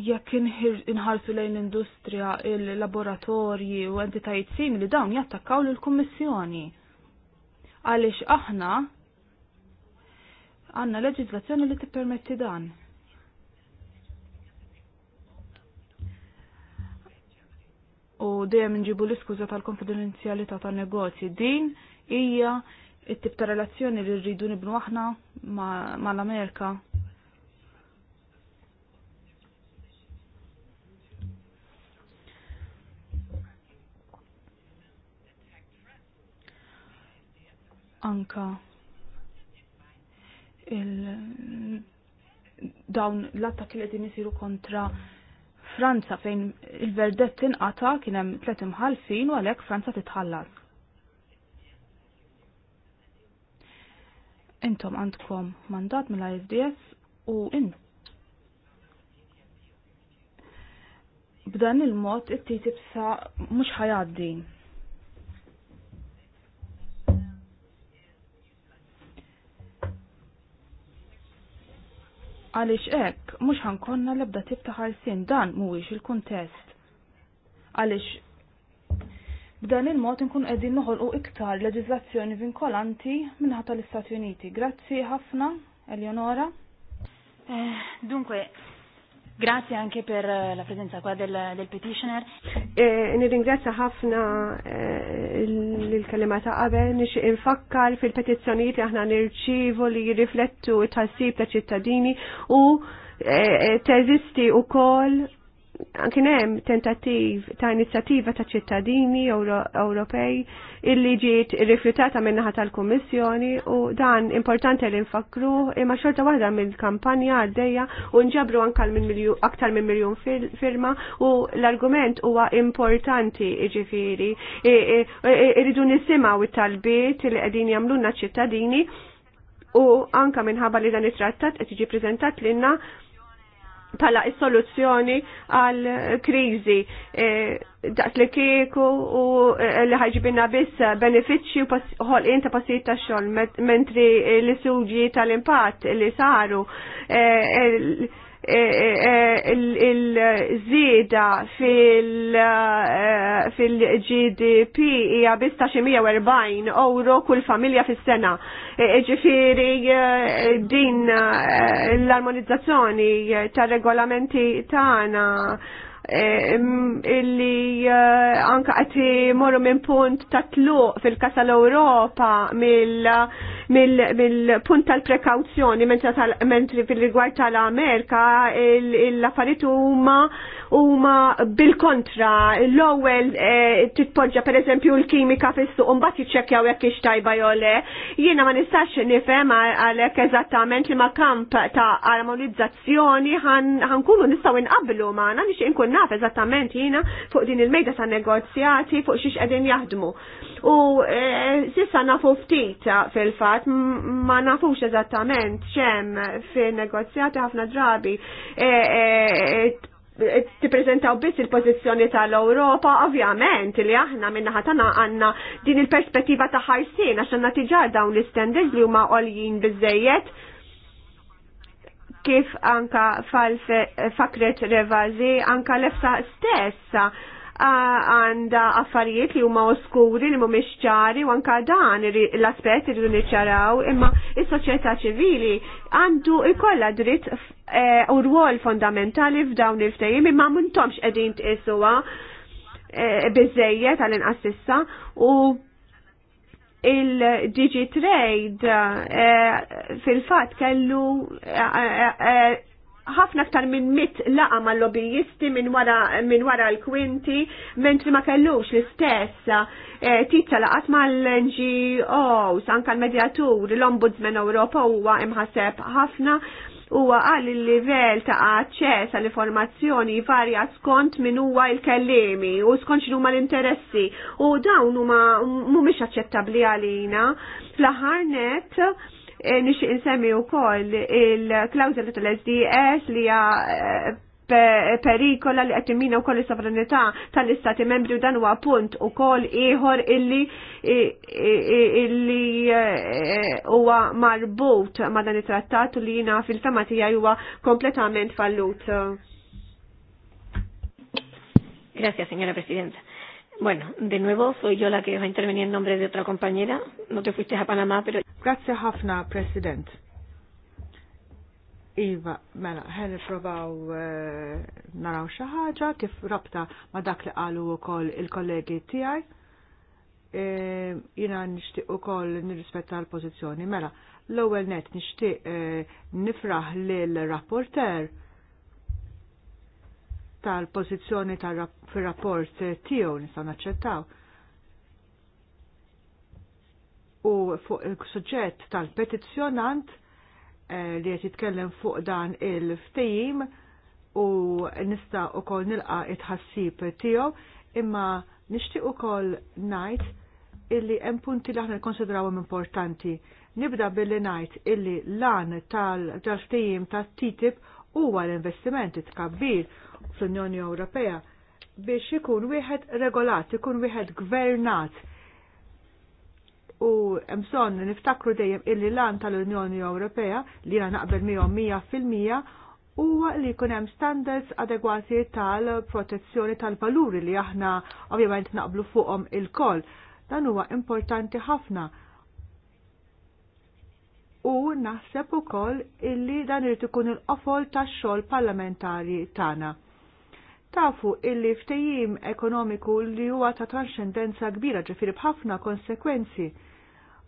jekk inħarsu lejn industrija, il-laboratorji u entitajiet simili dawn jattakkaw lill-Kummissjoni. Għaliex aħna għandna leġiżlazzjoni li tippermetti dan. U dejjem nġibu l-iskuża tal-konfidenzjalità tan-negozji. Din hija it-tip ta' relazzjoni li rridu nibnu aħna mal-Amerika. Anka il dawn l-attakki li qegħdin isiru kontra Franza fejn il-verdett inqata kien hemm tliet imħalfin u għalhekk Franza titħallas. intom għandkom mandat mill-IFDS u in. B'dan il-mod it-titib sa mhux ħajaddi. Għaliex hekk mhux ħankonna l-ebda tip ta' ħarsin dan mhuwiex il-kuntest. Għaliex B'dan il-mod nkun qegħdin noħolqu iktar leġiżlazzjoni vinkolanti minħabba tal-Istati Uniti. Grazzi ħafna, Eleonora. Eh, dunque, Grazie anche per eh, la presenza qua del, del petitioner. Eh, ħafna eh, l-kelima ta' qabel nix infakkar fil-petizzjonijiet li aħna nirċivu li jirriflettu it-tħassib ta' ċittadini u eh, teżisti u kol anki hemm tentativ ta' inizjattiva ta' ċittadini Ewropej illi ġiet irrifjutata min-naħa tal-Kummissjoni u dan importanti li nfakru imma xorta waħda mill-kampanja għaddejja u nġabru anka' minn aktar minn miljun firma u l-argument huwa importanti ġifiri irridu nisimgħu it-talbiet li qegħdin jagħmluna ċittadini u anka minħabba li dan it-trattat qed jiġi preżentat lilna tala is-soluzzjoni għal kriżi e, daqs li kieku u e, li ħajġibina biss benefiċċju ħolqien ta' passijiet ta' xogħol mentri l suġi tal-impatt li saru e, E, e, e, il-żieda fil-GDP hija bista ta' xi 140 euro kull familja fis-sena. Ġifieri din l-armonizzazzjoni tar-regolamenti tagħna illi anka għati morru minn punt ta' tluq fil-kasa l-Europa mill- mill-punt tal-prekawzjoni mentri fil-rigward tal-Amerika l-affarijiet huma huma bil-kontra l-ewwel eh, titpoġġa pereżempju l-kimika fis-suq mbagħad jiċċekkjaw jekk hix tajba jew le. Jiena ma nistax nifhem għalhekk eżattament li ma kamp ta' armonizzazzjoni ħankunu nistgħu inqablu magħna nix inkun naf eżattament jiena fuq din il-mejda ta' negozjati fuq xiex qegħdin jaħdmu. U eh, sissa nafu ftit fil-fatt fil ma nafux eżattament xem fin-negozjati ħafna drabi e, e, e, tippreżentaw biss il-pożizzjoni tal-Ewropa, ovvjament li aħna minnaħa tagħna għandna din il-perspettiva ta' ħarsin, għax għandna tiġar dawn l-istandards li huma għoljin bizzejiet kif anka fal fakret revazi anka lefsa stessa għanda affarijiet li huma oskuri li mhumiex ċari u anka dan l-aspett irridu niċċaraw imma is-soċjetà ċivili għandu ikolla dritt eh, u rwol fondamentali f'dawn il-ftehim imma m'intomx qegħdin tqisuha eh, biżejjed għall-inqas issa u il-Digitrade eh, fil-fat kellu ħafna aktar minn mit laqa mal-lobbyisti minn wara, wara l-kwinti, mentri ma kellux l-istess eh, tizza laqat mal-NGOs, anka l-medjatur, l-Ombudsman Ewropa huwa imħaseb ħafna huwa qal il-livell ta' aċċess għall informazzjoni varja skont min huwa l-kellimi u skont x'inhu l-interessi u dawn huma mhumiex aċċettabbli għalina. Fl-aħħar net Eh, nix insemmi u koll il-klawzola tal-SDS li hija eh, perikola li għattimina u koll sovranità tal-istati membri u dan huwa punt u koll iħor illi illi eh, huwa marbut ma dan it-trattat li jina fil-fema tiegħi huwa kompletament fallut. Grazie, signora Presidente. Bueno, de nuevo soy yo la que va a intervenir en nombre de otra compañera. No te fuiste a Panamá, pero... Grazie ħafna, President. Iva, mela, ħen provaw eh, naraw xaħġa kif rabta ma dak li qalu wkoll il-kollegi tiegħi. Eh, jina jina nixtieq ukoll nirrispetta l-pożizzjoni. Mela, l-ewwel net nixtieq eh, nifraħ li l rapporter tal-pozizjoni tal-rapport tiegħu nistgħu naċċettaw. U fuq il-suġġett tal-petizzjonant eh, li qed jitkellem fuq dan il-ftehim u nista' ukoll nilqa' it-ħassib tiegħu imma nixtieq ukoll ngħid illi hemm punti li aħna nkonsidrawhom importanti. Nibda billi ngħid illi lan tal-ftehim tat-TTIP huwa l-investimenti tkabbir fl-Unjoni Ewropea biex ikun wieħed regolat, ikun wieħed gvernat. U emson niftakru dejjem illi lan tal-Unjoni Ewropea li jena naqbel miegħu mija fil-mija huwa li jkun hemm standards adegwati tal-protezzjoni tal-valuri li aħna ovvjament naqblu fuqhom il-koll. Dan huwa importanti ħafna. U naħseb ukoll illi dan irid ikun il-qofol tax-xogħol parlamentari tagħna tafu illi ftejim ekonomiku li huwa ta' transcendenza kbira ġifiri bħafna konsekwenzi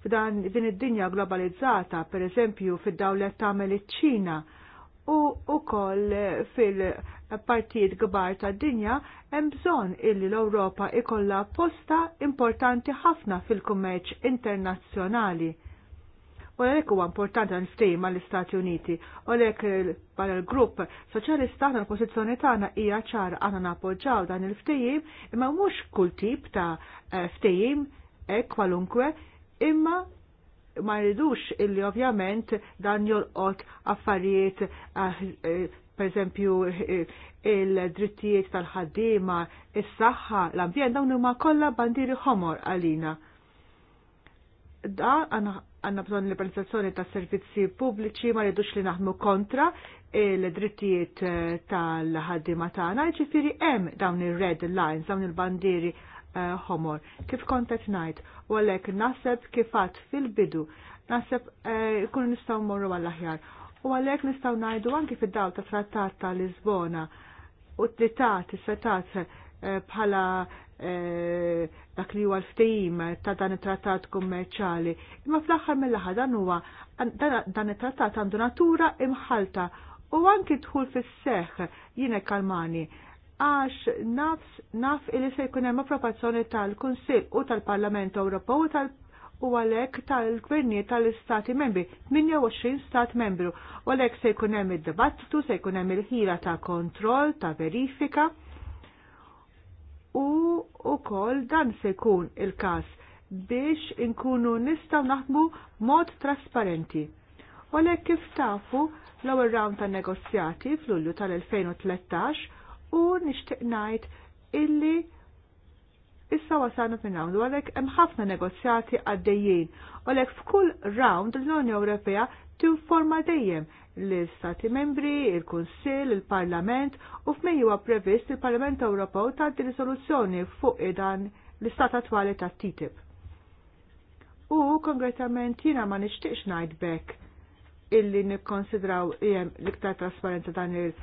f'dan din id-dinja globalizzata, per eżempju fid-dawlet tagħmel iċ-Ċina u ukoll fil-partijiet kbar tad-dinja hemm bżonn illi l-Ewropa ikollha posta importanti ħafna fil-kummerċ internazzjonali U għalhekk huwa importanti l-ftehim mal-Istati Uniti. U għalhekk eh, l-grupp soċjalista għan l-pożizzjoni tagħna hija ċara aħna nappoġġaw dan il ftejim imma mhux kull tip ta' eh, ftejim hekk kwalunkwe imma ma rridux illi ovvjament dan jolqot affarijiet eh, per eżempju il-drittijiet tal-ħaddiema, is-saħħa, l-ambjent dawn huma kollha bandiri ħomor għalina. Da għanna bżon liberalizzazzjoni ta' servizzi pubbliċi ma rridux li naħmu kontra eh, l-drittijiet eh, tal-ħaddima tagħna, ġifieri hemm dawn ir-red lines, dawn il-bandieri eh, homor. Kif kontet najt, u għalek naseb kifat fil-bidu, naħseb kun nistaw morru għall-aħjar. U għalek nistaw najdu anki fid-daw ta' trattat ta' Lisbona u t-titat, setat bħala Eh, dak li huwa l-ftehim ta' dan it-trattat kummerċali. Imma fl-aħħar mill-aħħar dan huwa dan it-trattat għandu natura imħalta u anki dħul fis-seħħ jiena kalmani għax nafs naf illi se jkun hemm approvazzjoni tal-Kunsill u tal-Parlament Ewropew u tal u għalhekk tal-gvernijiet tal-istati membri, 28 stat membru, u għalhekk se jkun hemm id-dibattitu, se jkun hemm il-ħira ta' kontroll, ta' verifika u ukoll dan se jkun il-każ biex inkunu nistgħu naħdmu mod trasparenti. U le kif tafu l-ewwel round ta' negozjati fl-Ulju tal-2013 u nixtieq ngħid illi Issa wasalna f'in hawn għalhekk hemm ħafna negozjati għaddejjin u għalek f'kull round l-Unjoni Ewropea tinforma dejjem l-Stati membri, il-Kunsill, il-Parlament u f'mejju huwa previst il-Parlament Ewropew tgħaddi risoluzzjoni fuq dan l-istat attwali ta' TTIP. U konkretament jiena ma nixtieqx ngħid bekk illi nikkonsidraw jem liktar trasparenza dan il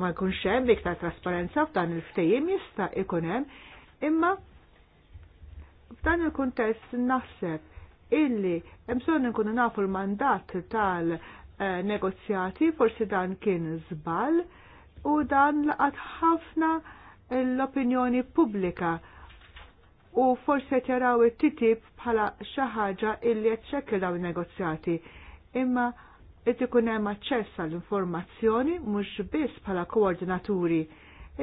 ma jkunx hemm, liktar trasparenza f'dan il-ftejjem jista' ikun hemm, imma F'dan il-kuntest naħseb illi bżonn nkunu nafu l-mandat tal-negozjati, forsi dan kien żball u dan laqat ħafna l-opinjoni pubblika u forse jaraw it-titib bħala xi ħaġa illi qed ċekkilaw negozjati. Imma qed ikun hemm aċċess għall-informazzjoni mhux biss bħala koordinaturi,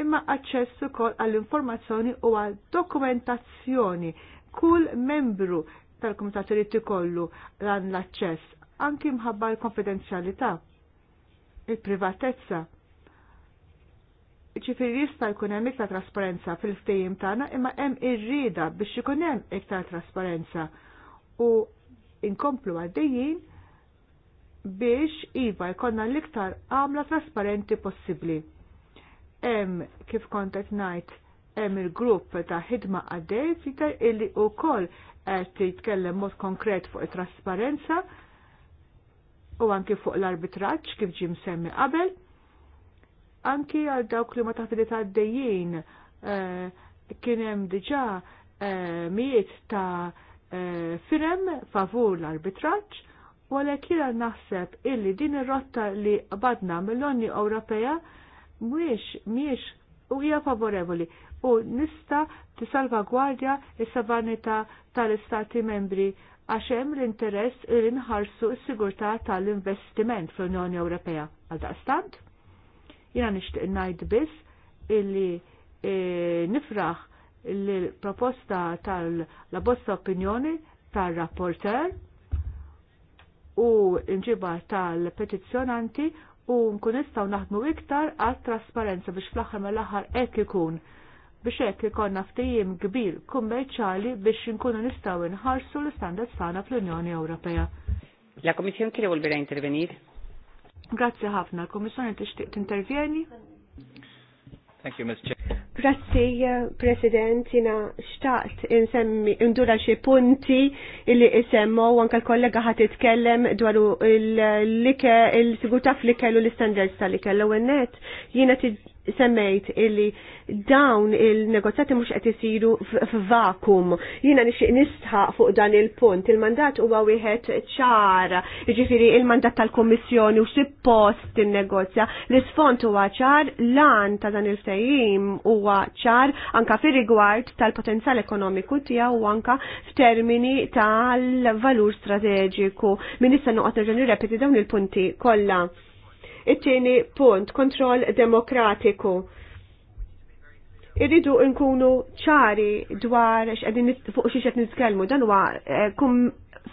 imma aċċess ukoll għall-informazzjoni u għal dokumentazzjoni kull membru tal-Kumitat irid ikollu dan l-aċċess anki mħabba l-konfidenzjalità, il-privatezza. Ċifiri jista' jkun hemm iktar trasparenza fil-ftehim tagħna imma hemm irrida biex ikun hemm iktar trasparenza u inkomplu għaddejjin biex iva jkollna l-iktar għamla trasparenti possibbli. Hemm kif kont qed ngħid hemm il-grupp ta' ħidma għaddej fitar illi wkoll qed jitkellem mod konkret fuq it-trasparenza u anki fuq l-arbitraġġ kif ġim semmi qabel. Anki għal dawk li ma taħfidita għaddejjin eh, kien hemm diġà eh, miet ta' eh, firem favur l-arbitraġġ u għalhekk jiena naħseb illi din ir-rotta li badna mill unni Ewropea mhuwiex mhijiex u hija favorevoli u nista tisalvagwardja is savanita tal-Istati membri għax hemm l-interess li inħarsu s-sigurtà tal-investiment fl-Unjoni Ewropea. Għal daqstant, jiena nixtieq ngħid biss illi e, nifraħ l-proposta tal labosta opinjoni tal-rapporter u nġiba tal-petizzjonanti u nkun nistgħu naħdmu iktar għal trasparenza biex fl-aħħar mill-aħħar hekk ikun biex hekk ikonna ftehim kbir kummerċali biex inkunu nistgħu nħarsu l-istandards tagħna fl-Unjoni Ewropea. La Komissjon kien volbira intervenir. Grazzi ħafna, l-Komissjoni tixtieq tintervjeni. Thank you, Ms. Chair. Grazzi, President, jina xtaqt insemmi, indura xie punti illi isemmu, anka l-kollega ħat itkellem dwaru l-like, il-sigurta fl-like u l-standards tal-like. L-għennet, jina semmejt illi dawn il-negozjati mhux qed isiru f'vakum. Jiena nixtieq nisħaq fuq dan il-punt. Il-mandat huwa wieħed ċar, jiġifieri il-mandat tal-Kummissjoni u xi post in-negozja. L-isfond huwa ċar, lan ta' dan il-fejjim huwa ċar anka fir-rigward tal-potenzjal ekonomiku tiegħu u anka f'termini tal-valur strateġiku. Min issa noqgħod nerġa' nirrepeti dawn il-punti kollha It-tieni punt, kontroll demokratiku. Irridu nkunu ċari dwar x'qegħdin fuq xi qed nitkellmu dan huwa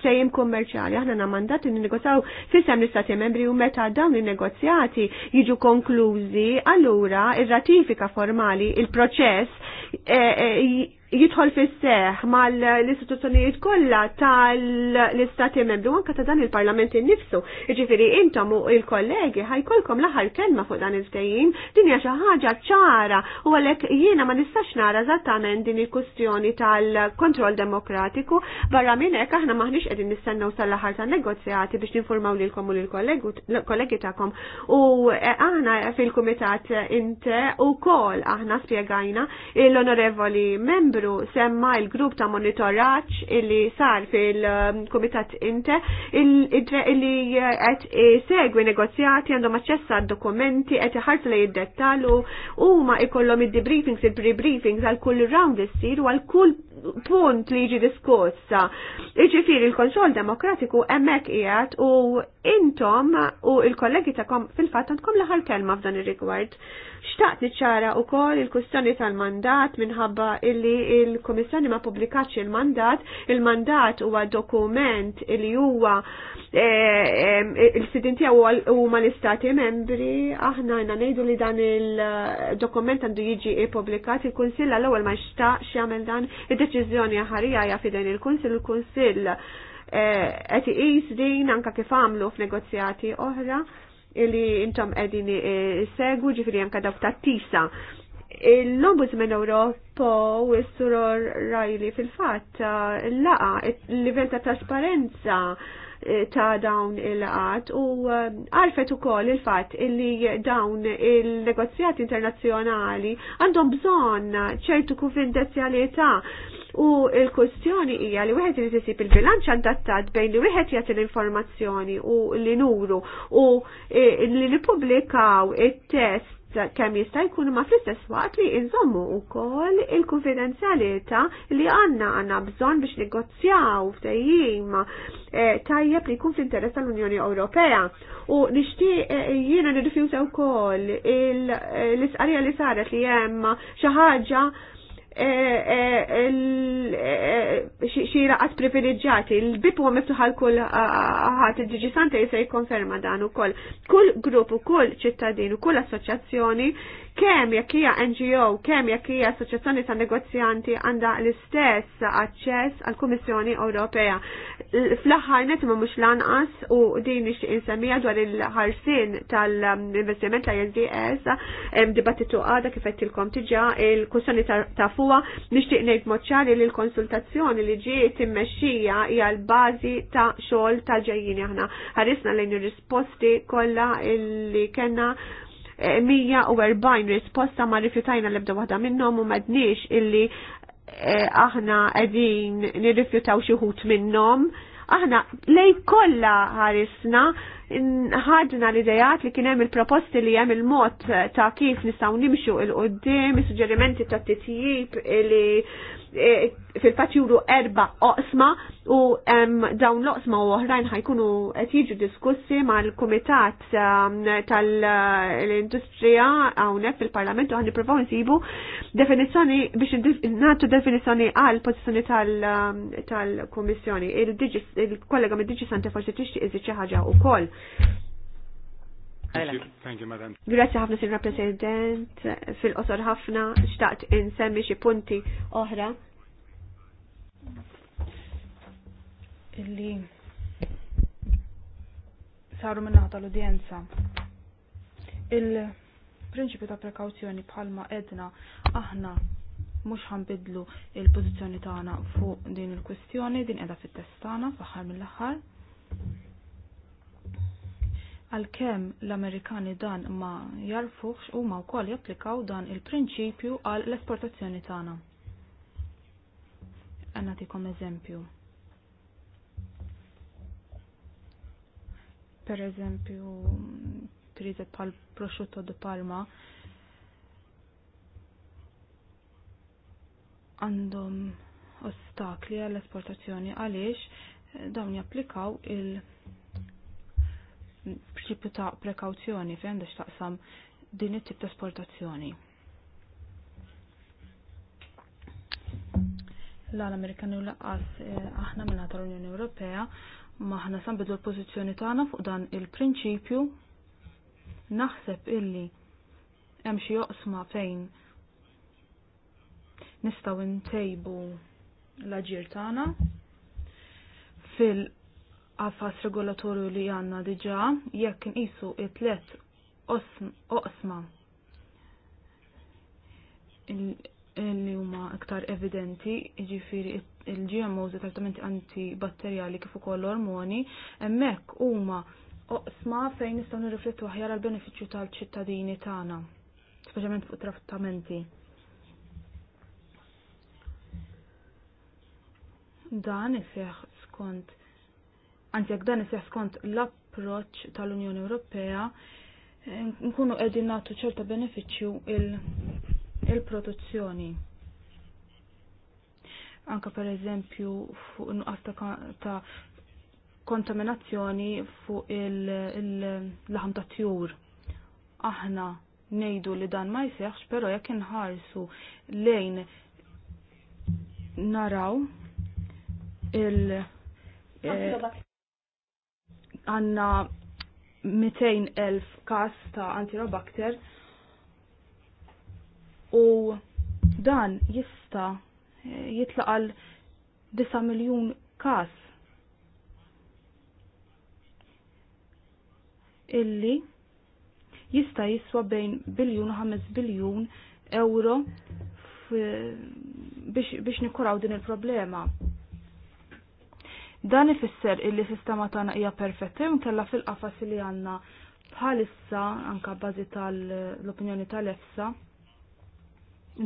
sejm eh, kummerċali. Aħna na mandat ninnegozjaw fissem l-istati membri u meta dawn in negozjati jiġu konklużi, allura ir-ratifika formali, il-proċess eh, eh, jidħol fis-seħ mal-istituzzjonijiet kollha tal-istati membru anke ta' dan il-Parlament innifsu. Jiġifieri intom u l-kollegi ħajkolkom l-aħħar kelma fuq dan il-ftehim din hija xi ħaġa ċara u għalhekk jiena ma nistax nara eżattament din il-kustjoni tal-kontroll demokratiku barra minn hekk aħna maħniex qegħdin nistennew sal-aħħar tan-negozjati biex ninformaw lilkom u lill-kollegi tagħkom. U eh, aħna fil-kumitat inte u kol aħna spjegajna l-onorevoli membri membru semma il-grupp ta' monitoraċ illi sar fil-Komitat Inte illi eh, qed eh, segwi negozjati għandhom aċċessa dokumenti qed iħarsu li jiddettalu u huma ikollhom id-debriefings il-pre-briefings għal kull round issir u għal kull punt li jiġi diskossa. Iġifieri il-Konsol Demokratiku hemmhekk qiegħed u intom u il-kollegi ta' fil-fatt għandkom l-aħħar kelma f'dan ir-rigward. Xtaqt iċċara u kol il-kustjoni tal-mandat minħabba illi il-Komissjoni ma publikax il-mandat, il-mandat huwa dokument illi huwa eh, eh, il-sidinti u ma l-istati membri, aħna jna nejdu li dan il-dokument għandu jiġi i-publikat, il-Kunsill għal-ewel ma xtaqx jagħmel dan, id-deċiżjoni ħarija jafiden il-Kunsill, il-Kunsill eh, qed iqis din anka kif għamlu f'negozjati oħra illi intom edin eh, segwu ġifiri anka dawk ta' tisa. L-Ombudsman Ewropo u s-suror Rajli fil-fat eh, laqa il-livell ta' trasparenza eh, ta' dawn il-qat u għarfet ukoll il-fatt illi dawn il-negozjati internazzjonali għandhom bżonn ċertu konfidenzjalità U il-kustjoni hija li wieħed irid isib il-bilanċ adattat bejn li wieħed jagħti l-informazzjoni u li nuru u e, li nippubblikaw it-test kemm jista' jkun ma fl-istess waqt li nżommu wkoll il-konfidenzjalità li għandna għandna bżonn biex negozjaw f'tejjim e, tajjeb li jkun fl-interess tal-Unjoni Ewropea. U nixtieq e, jiena nirrifjuta wkoll l-isqarija li saret li hemm xi ħaġa xi raqat privileġġjati. l bib huwa miftuħ għal kull ħadd id-Diġi Santa jista' jikkonferma dan ukoll. Kull grupp u kull ċittadin u kull assoċjazzjoni kemm jekk hija NGO, kemm jekk hija Assoċjazzjoni ta' Negozjanti għandha l-istess aċċess għall kummissjoni Ewropea. Fl-aħħar net ma mhux lanqas u din ix insemmija dwar il-ħarsin tal-investiment ta' SDS dibattitu għada kif qed tilkom tiġà il-kussjoni ta' fuwa nixtieq ngħid moċċari li l-konsultazzjoni li ġiet immexxija hija l-bażi ta' xogħol tal-ġejjin aħna. Ħarisna lejn ir-risposti kollha li kellna 140 risposta ma rifjutajna l-ebda waħda minnhom u madniex illi eh, aħna qegħdin nirrifjutaw xi minnom. minnhom. Aħna lej kollha ħarisna ħadna l-idejat li kien hemm il-proposti li hemm il-mod ta' kif nistgħu nimxu il-qudiem, is-suġġerimenti ta' titjib li Eh, fil-fat juru erba oqsma u dawn l-oqsma u oħrajn ħajkunu qed jiġu diskussi mal-kumitat tal-industrija hawnhekk fil-Parlament u ħan nippruvaw nsibu definizzjoni biex nagħtu definizzjoni għal pożizzjoni tal-Kummissjoni. Il-kollega mid-Diġi Sante forsi tixtieq iżid xi ħaġa wkoll. Grazie ħafna sinra President, fil-qosor ħafna, xtaqt insemmi xi punti oħra. Illi saru minna tal-udjenza. Il-prinċipju ta' prekawzjoni bħalma edna aħna mhux ħanbidlu il-pożizzjoni tagħna fuq din il kwestjoni din qiegħda fit-test tagħna fl-aħħar mill-aħħar. Għalkemm l-Amerikani dan ma jarfuħx u ma wkoll japplikaw dan il-prinċipju għal l-esportazzjoni tagħna. tikom eżempju. Per eżempju, kriżet pal prosciutto di Palma, għandhom ostakli għall-esportazzjoni għaliex eh, dawn japplikaw il- xipu ta' prekawzjoni fejn għandax taqsam din it-tip ta' esportazzjoni. L-Amerikan u laqqas eh, aħna minna tal-Unjoni Ewropea maħna san bidu l-pozizjoni tagħna fuq dan il-prinċipju naħseb illi hemm xi joqsma fejn nistgħu ntejbu l-aġir tagħna fil għafas regolatorju li għanna diġa jekk nqisu it-tlet oqsma li huma iktar evidenti, ġifiri il-GMOs u trattamenti antibatterjali kif ukoll ormoni, hemmhekk huma oqsma fejn nistgħu nirriflettu aħjar għal benefiċċju tal-ċittadini tagħna, speċjalment fuq trattamenti. Dan ifeħ skont anzi jekk dan iseħ skont l-approċċ tal-Unjoni Ewropea, eh, nkunu qegħdin nagħtu ċerta benefiċċju il-produzzjoni. Il Anka per eżempju fuq nuqqas ta' kontaminazzjoni fuq il-laħam ta' tjur. Aħna nejdu li dan ma jseħħx, pero jekk inħarsu lejn naraw il- eh, għanna 200.000 kas ta' antirobakter u dan jista jitlaqal 9 miljon kas illi jista jiswa bejn biljun 5 biljun euro biex, biex nikuraw din il-problema. Dan ifisser illi sistema tagħna hija perfetti kellha fil-qafas li għandna bħalissa anka bażi tal-opinjoni tal-EFSA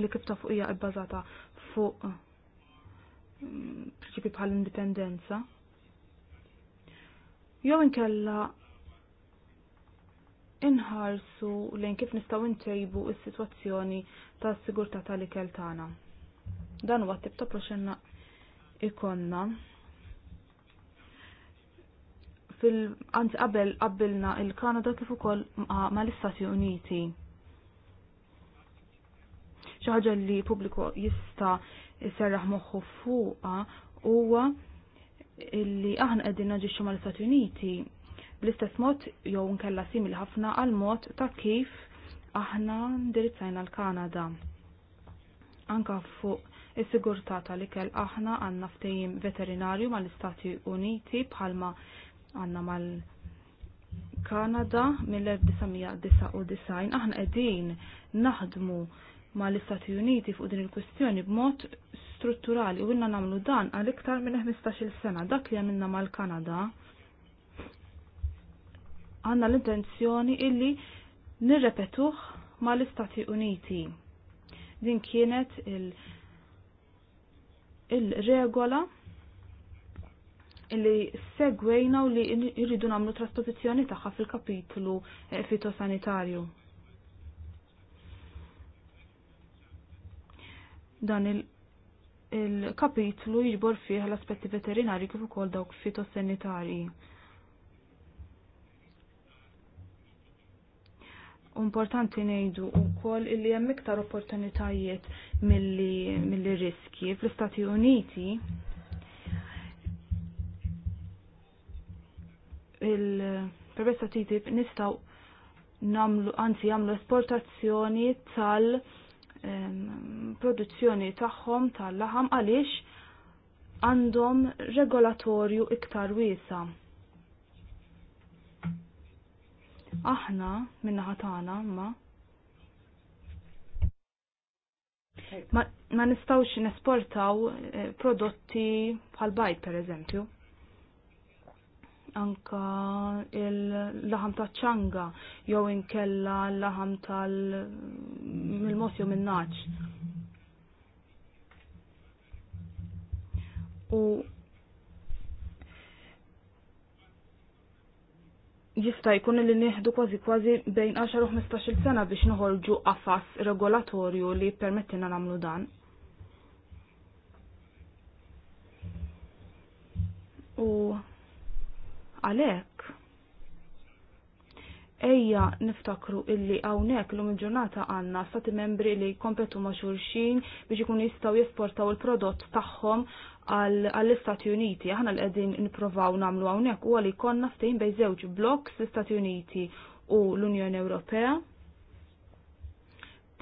li kif ta' fuq hija bbażata fuq mm, prinċipi bħal indipendenza. Jew inkella inħarsu lejn kif nistgħu ntejbu s-sitwazzjoni tas-sigurtà tal-ikel tagħna. Dan huwa tip ta' proxenna ikonna fil-anzi qabel qabbilna il-Kanada kif ukoll mal-Istati Uniti. Xi ħaġa li pubbliku jista' jserraħ moħħu fuqha huwa illi aħna qegħdin naġixxu mal-Istati Uniti bl-istess mod jew nkella simili ħafna għal mod ta' kif aħna ndirizzajna l-Kanada. Anka fuq is-sigurtà tal-ikel aħna għandna ftehim veterinarju mal-Istati Uniti bħalma għanna mal-Kanada mill-1999 aħna qegħdin naħdmu mal-Istati Uniti fuq din il-kwestjoni b'mod strutturali u għinna namlu dan għal iktar minn 15 sena dak li għamilna mal-Kanada għanna l-intenzjoni illi nirrepetuħ mal-Istati Uniti. Din kienet il-regola il regola li segwejna u li jridu namlu trasposizjoni tagħha fil-kapitlu eh, fitosanitarju. Dan il-kapitlu il jiġbor fih l-aspetti veterinari kif ukoll dawk fitosanitarji. importanti ngħidu wkoll koll illi hemm iktar opportunitajiet mill-riski. Fl-Istati Uniti il-permess ta' TTIP nistaw namlu, anzi jamlu esportazzjoni tal produzzjoni tagħhom tal-laħam għaliex għandhom regolatorju iktar wiesa. Aħna minnaħa tagħna ma ma nistawx nesportaw eh, prodotti bħal bajt per eżempju anka il-laħam ta' ċanga jew inkella l-laħam tal-mos jew minnaċ. U jista' jkun li nieħdu kważi kważi bejn 10 u 15 sena biex noħolġu qafas regolatorju li jippermettilna nagħmlu dan. U Għalhekk ejja niftakru illi hawnhekk lum il-ġurnata għandna stati membri li kompetu ma' xulxin biex ikun jistgħu jesportaw il-prodott tagħhom għall-Istati Uniti. Aħna l-qegħdin nippruvaw nagħmlu hawnhekk huwa li konna ftejn bejn żewġ bloks l-Istati Uniti u l-Unjoni Ewropea.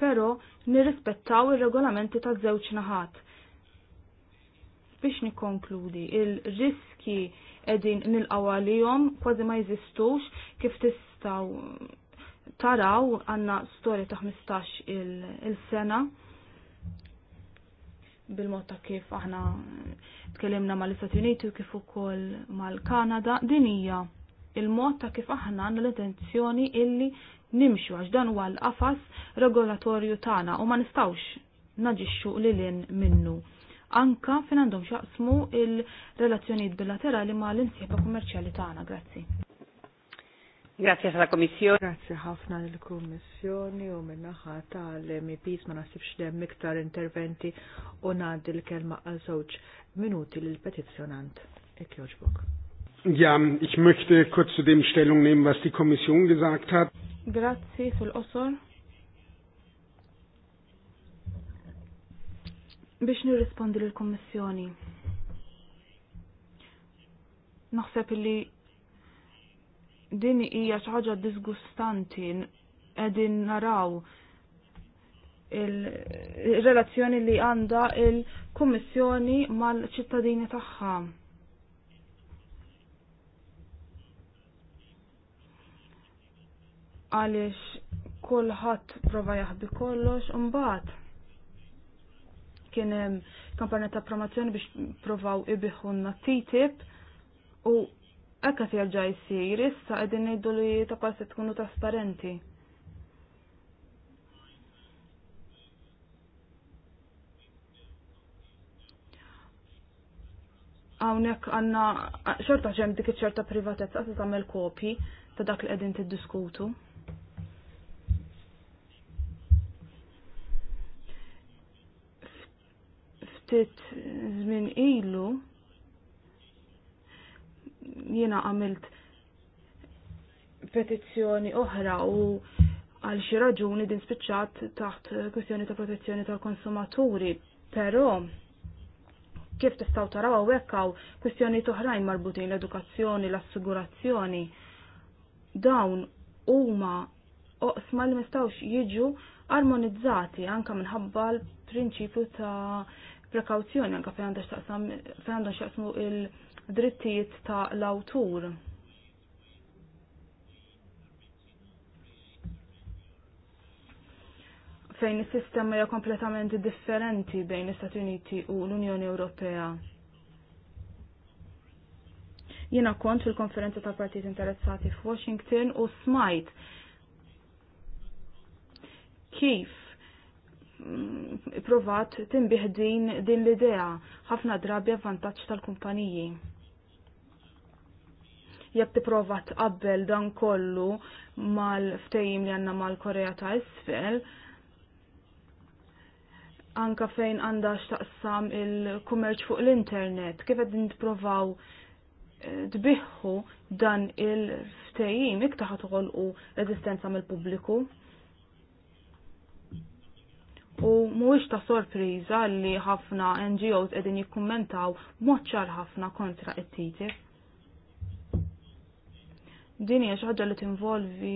Però nirrispettaw ir-regolamenti taż-żewġ naħat. Biex nikkonkludi, il-riski edin nil-qawa kważi ma jizistux, kif tistaw taraw għanna storja ta' 15 il-sena bil-mod ta' kif aħna tkellimna mal-Istati Uniti u kif ukoll mal-Kanada, din hija il-mod ta' kif aħna għandna l-intenzjoni illi nimxu għax dan huwa l-qafas regolatorju tagħna u ma nistgħux naġixxu lil minnu anka fin għandhom xaqsmu il-relazzjonijiet bilaterali ma l insieba kummerċjali tagħna. Grazzi. Grazie alla Komissjoni. Grazie ħafna lill kummissjoni u minnaħa tal-MPs ma nasibx dem iktar interventi u ngħaddi l-kelma għal żewġ minuti lill petizzjonant. Ek joġbok. Ja, ich möchte kurz zu dem Stellung nehmen, was die Kommission gesagt hat. Grazie sul-qosor biex nirrispondi l-Kommissjoni. Naħseb li din hija xi ħaġa disgustanti qegħdin naraw il-relazzjoni li għandha il-Kummissjoni mal-ċittadini tagħha. Għaliex kulħadd prova jaħbi kollox u mbagħad kien hemm kampanja ta' promozzjoni biex provaw ibiħunna TTIP u hekk qed jerġa' jsir issa qegħdin ngħidu li ta' passi tkunu trasparenti. Hawnhekk għandna xorta ġem dik ċerta privatezza għazza tagħmel kopji ta' dak li qegħdin tiddiskutu. ftit żmien ilu jiena għamilt petizzjoni oħra u għal xi raġuni din spiċċat taħt kwestjoni ta' protezzjoni tal-konsumaturi, però kif tistgħu taraw hawnhekk hawn kwestjoni oħrajn marbutin l-edukazzjoni, l-assigurazzjoni. Dawn huma oqsma li mistawx jiġu armonizzati anka minħabba l-prinċipju ta' prekawzjoni anka fejn għandhom xaqsmu il-drittijiet ta' l-awtur. Fejn is-sistema hija kompletament differenti bejn l-Istati Uniti u l-Unjoni Ewropea. Jiena kont fil-konferenza ta' partit interessati f'Washington u smajt kif Mm, provat timbih din din l-idea ħafna drabi vantaġġ tal-kumpaniji. Jekk tipprova tqabbel dan kollu mal ftehim li għandna mal-Korea ta' isfel, anka fejn għandha x'taqsam il-kummerċ fuq l-internet, kif qed nipprovaw eh, tbiħħu dan il ftehim iktaħat u resistenza mill-pubbliku u mhuwiex ta' sorpriża li ħafna NGOs qegħdin jikkommentaw moċċar ċar ħafna kontra it-TTIP. Din hija xi ħaġa li tinvolvi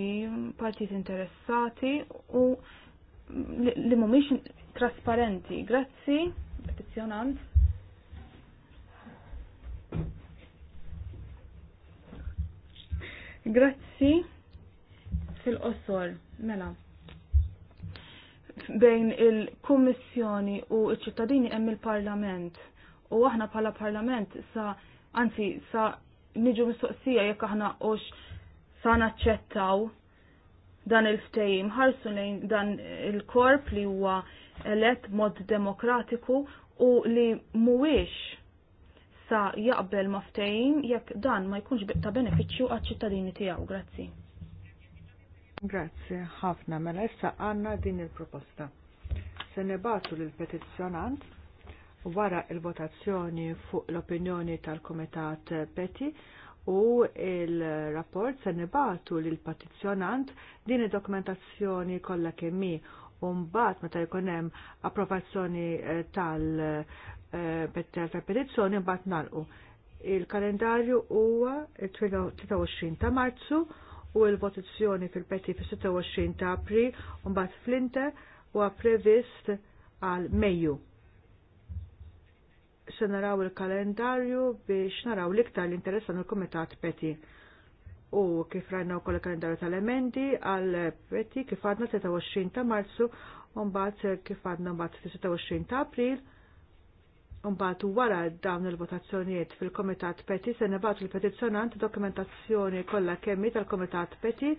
partit interessati u li mhumiex trasparenti. Grazzi, petizzjonant. Grazzi fil-qosor, mela bejn il-Kummissjoni u iċ ċittadini hemm il-Parlament. U aħna bħala Parlament sa anzi sa niġu mistoqsija jekk aħna hux sa naċċettaw dan il ftehim ħarsu lejn dan il-korp li huwa elett mod demokratiku u li mhuwiex sa jaqbel ma' ftehim jekk dan ma jkunx ta' benefiċċju għaċ-ċittadini tiegħu. Grazzi. Grazie, ħafna. Mela issa għanna din il-proposta. Se nebatu l-petizzjonant wara il-votazzjoni fuq l-opinjoni tal-Komitat Peti u il-rapport se nebatu l petizzjonant din id-dokumentazzjoni kollha kemm un u mbagħad meta jkun hemm approvazzjoni eh, eh, tal-petizzjoni mbagħad nagħlqu. Il-kalendarju huwa 23 ta' Marzu u l-votazzjoni fil-peti fil-26 ta' apri un bat flinte u previst għal Mejju. Se naraw il-kalendarju biex naraw liktar l-interessan il-Komitat Peti. U kif rajna u koll kalendarju tal-emendi għal Peti kif għadna 23 ta' marzu un bat kif għadna bat 26 ta' april Mbagħad wara dawn il-votazzjonijiet fil-Komitat Peti se nibgħatu l-petizzjonant dokumentazzjoni kollha kemmi tal-Komitat Peti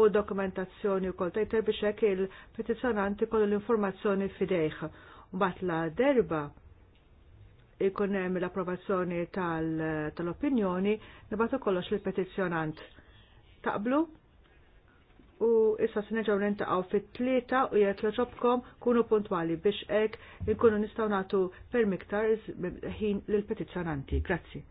u dokumentazzjoni wkoll tajter biex hekk il-petizzjonant ikollu l-informazzjoni fidejh. Mbagħad la derba ikun hemm l-approvazzjoni tal-opinjoni nibgħatu kollox lill petizzjonant Taqblu? u issa se nerġgħu nintaqgħu fit-tlieta u jekk joġobkom kunu puntwali biex hekk nkunu nistgħu nagħtu miktar ħin lill petizzjonanti Grazzi.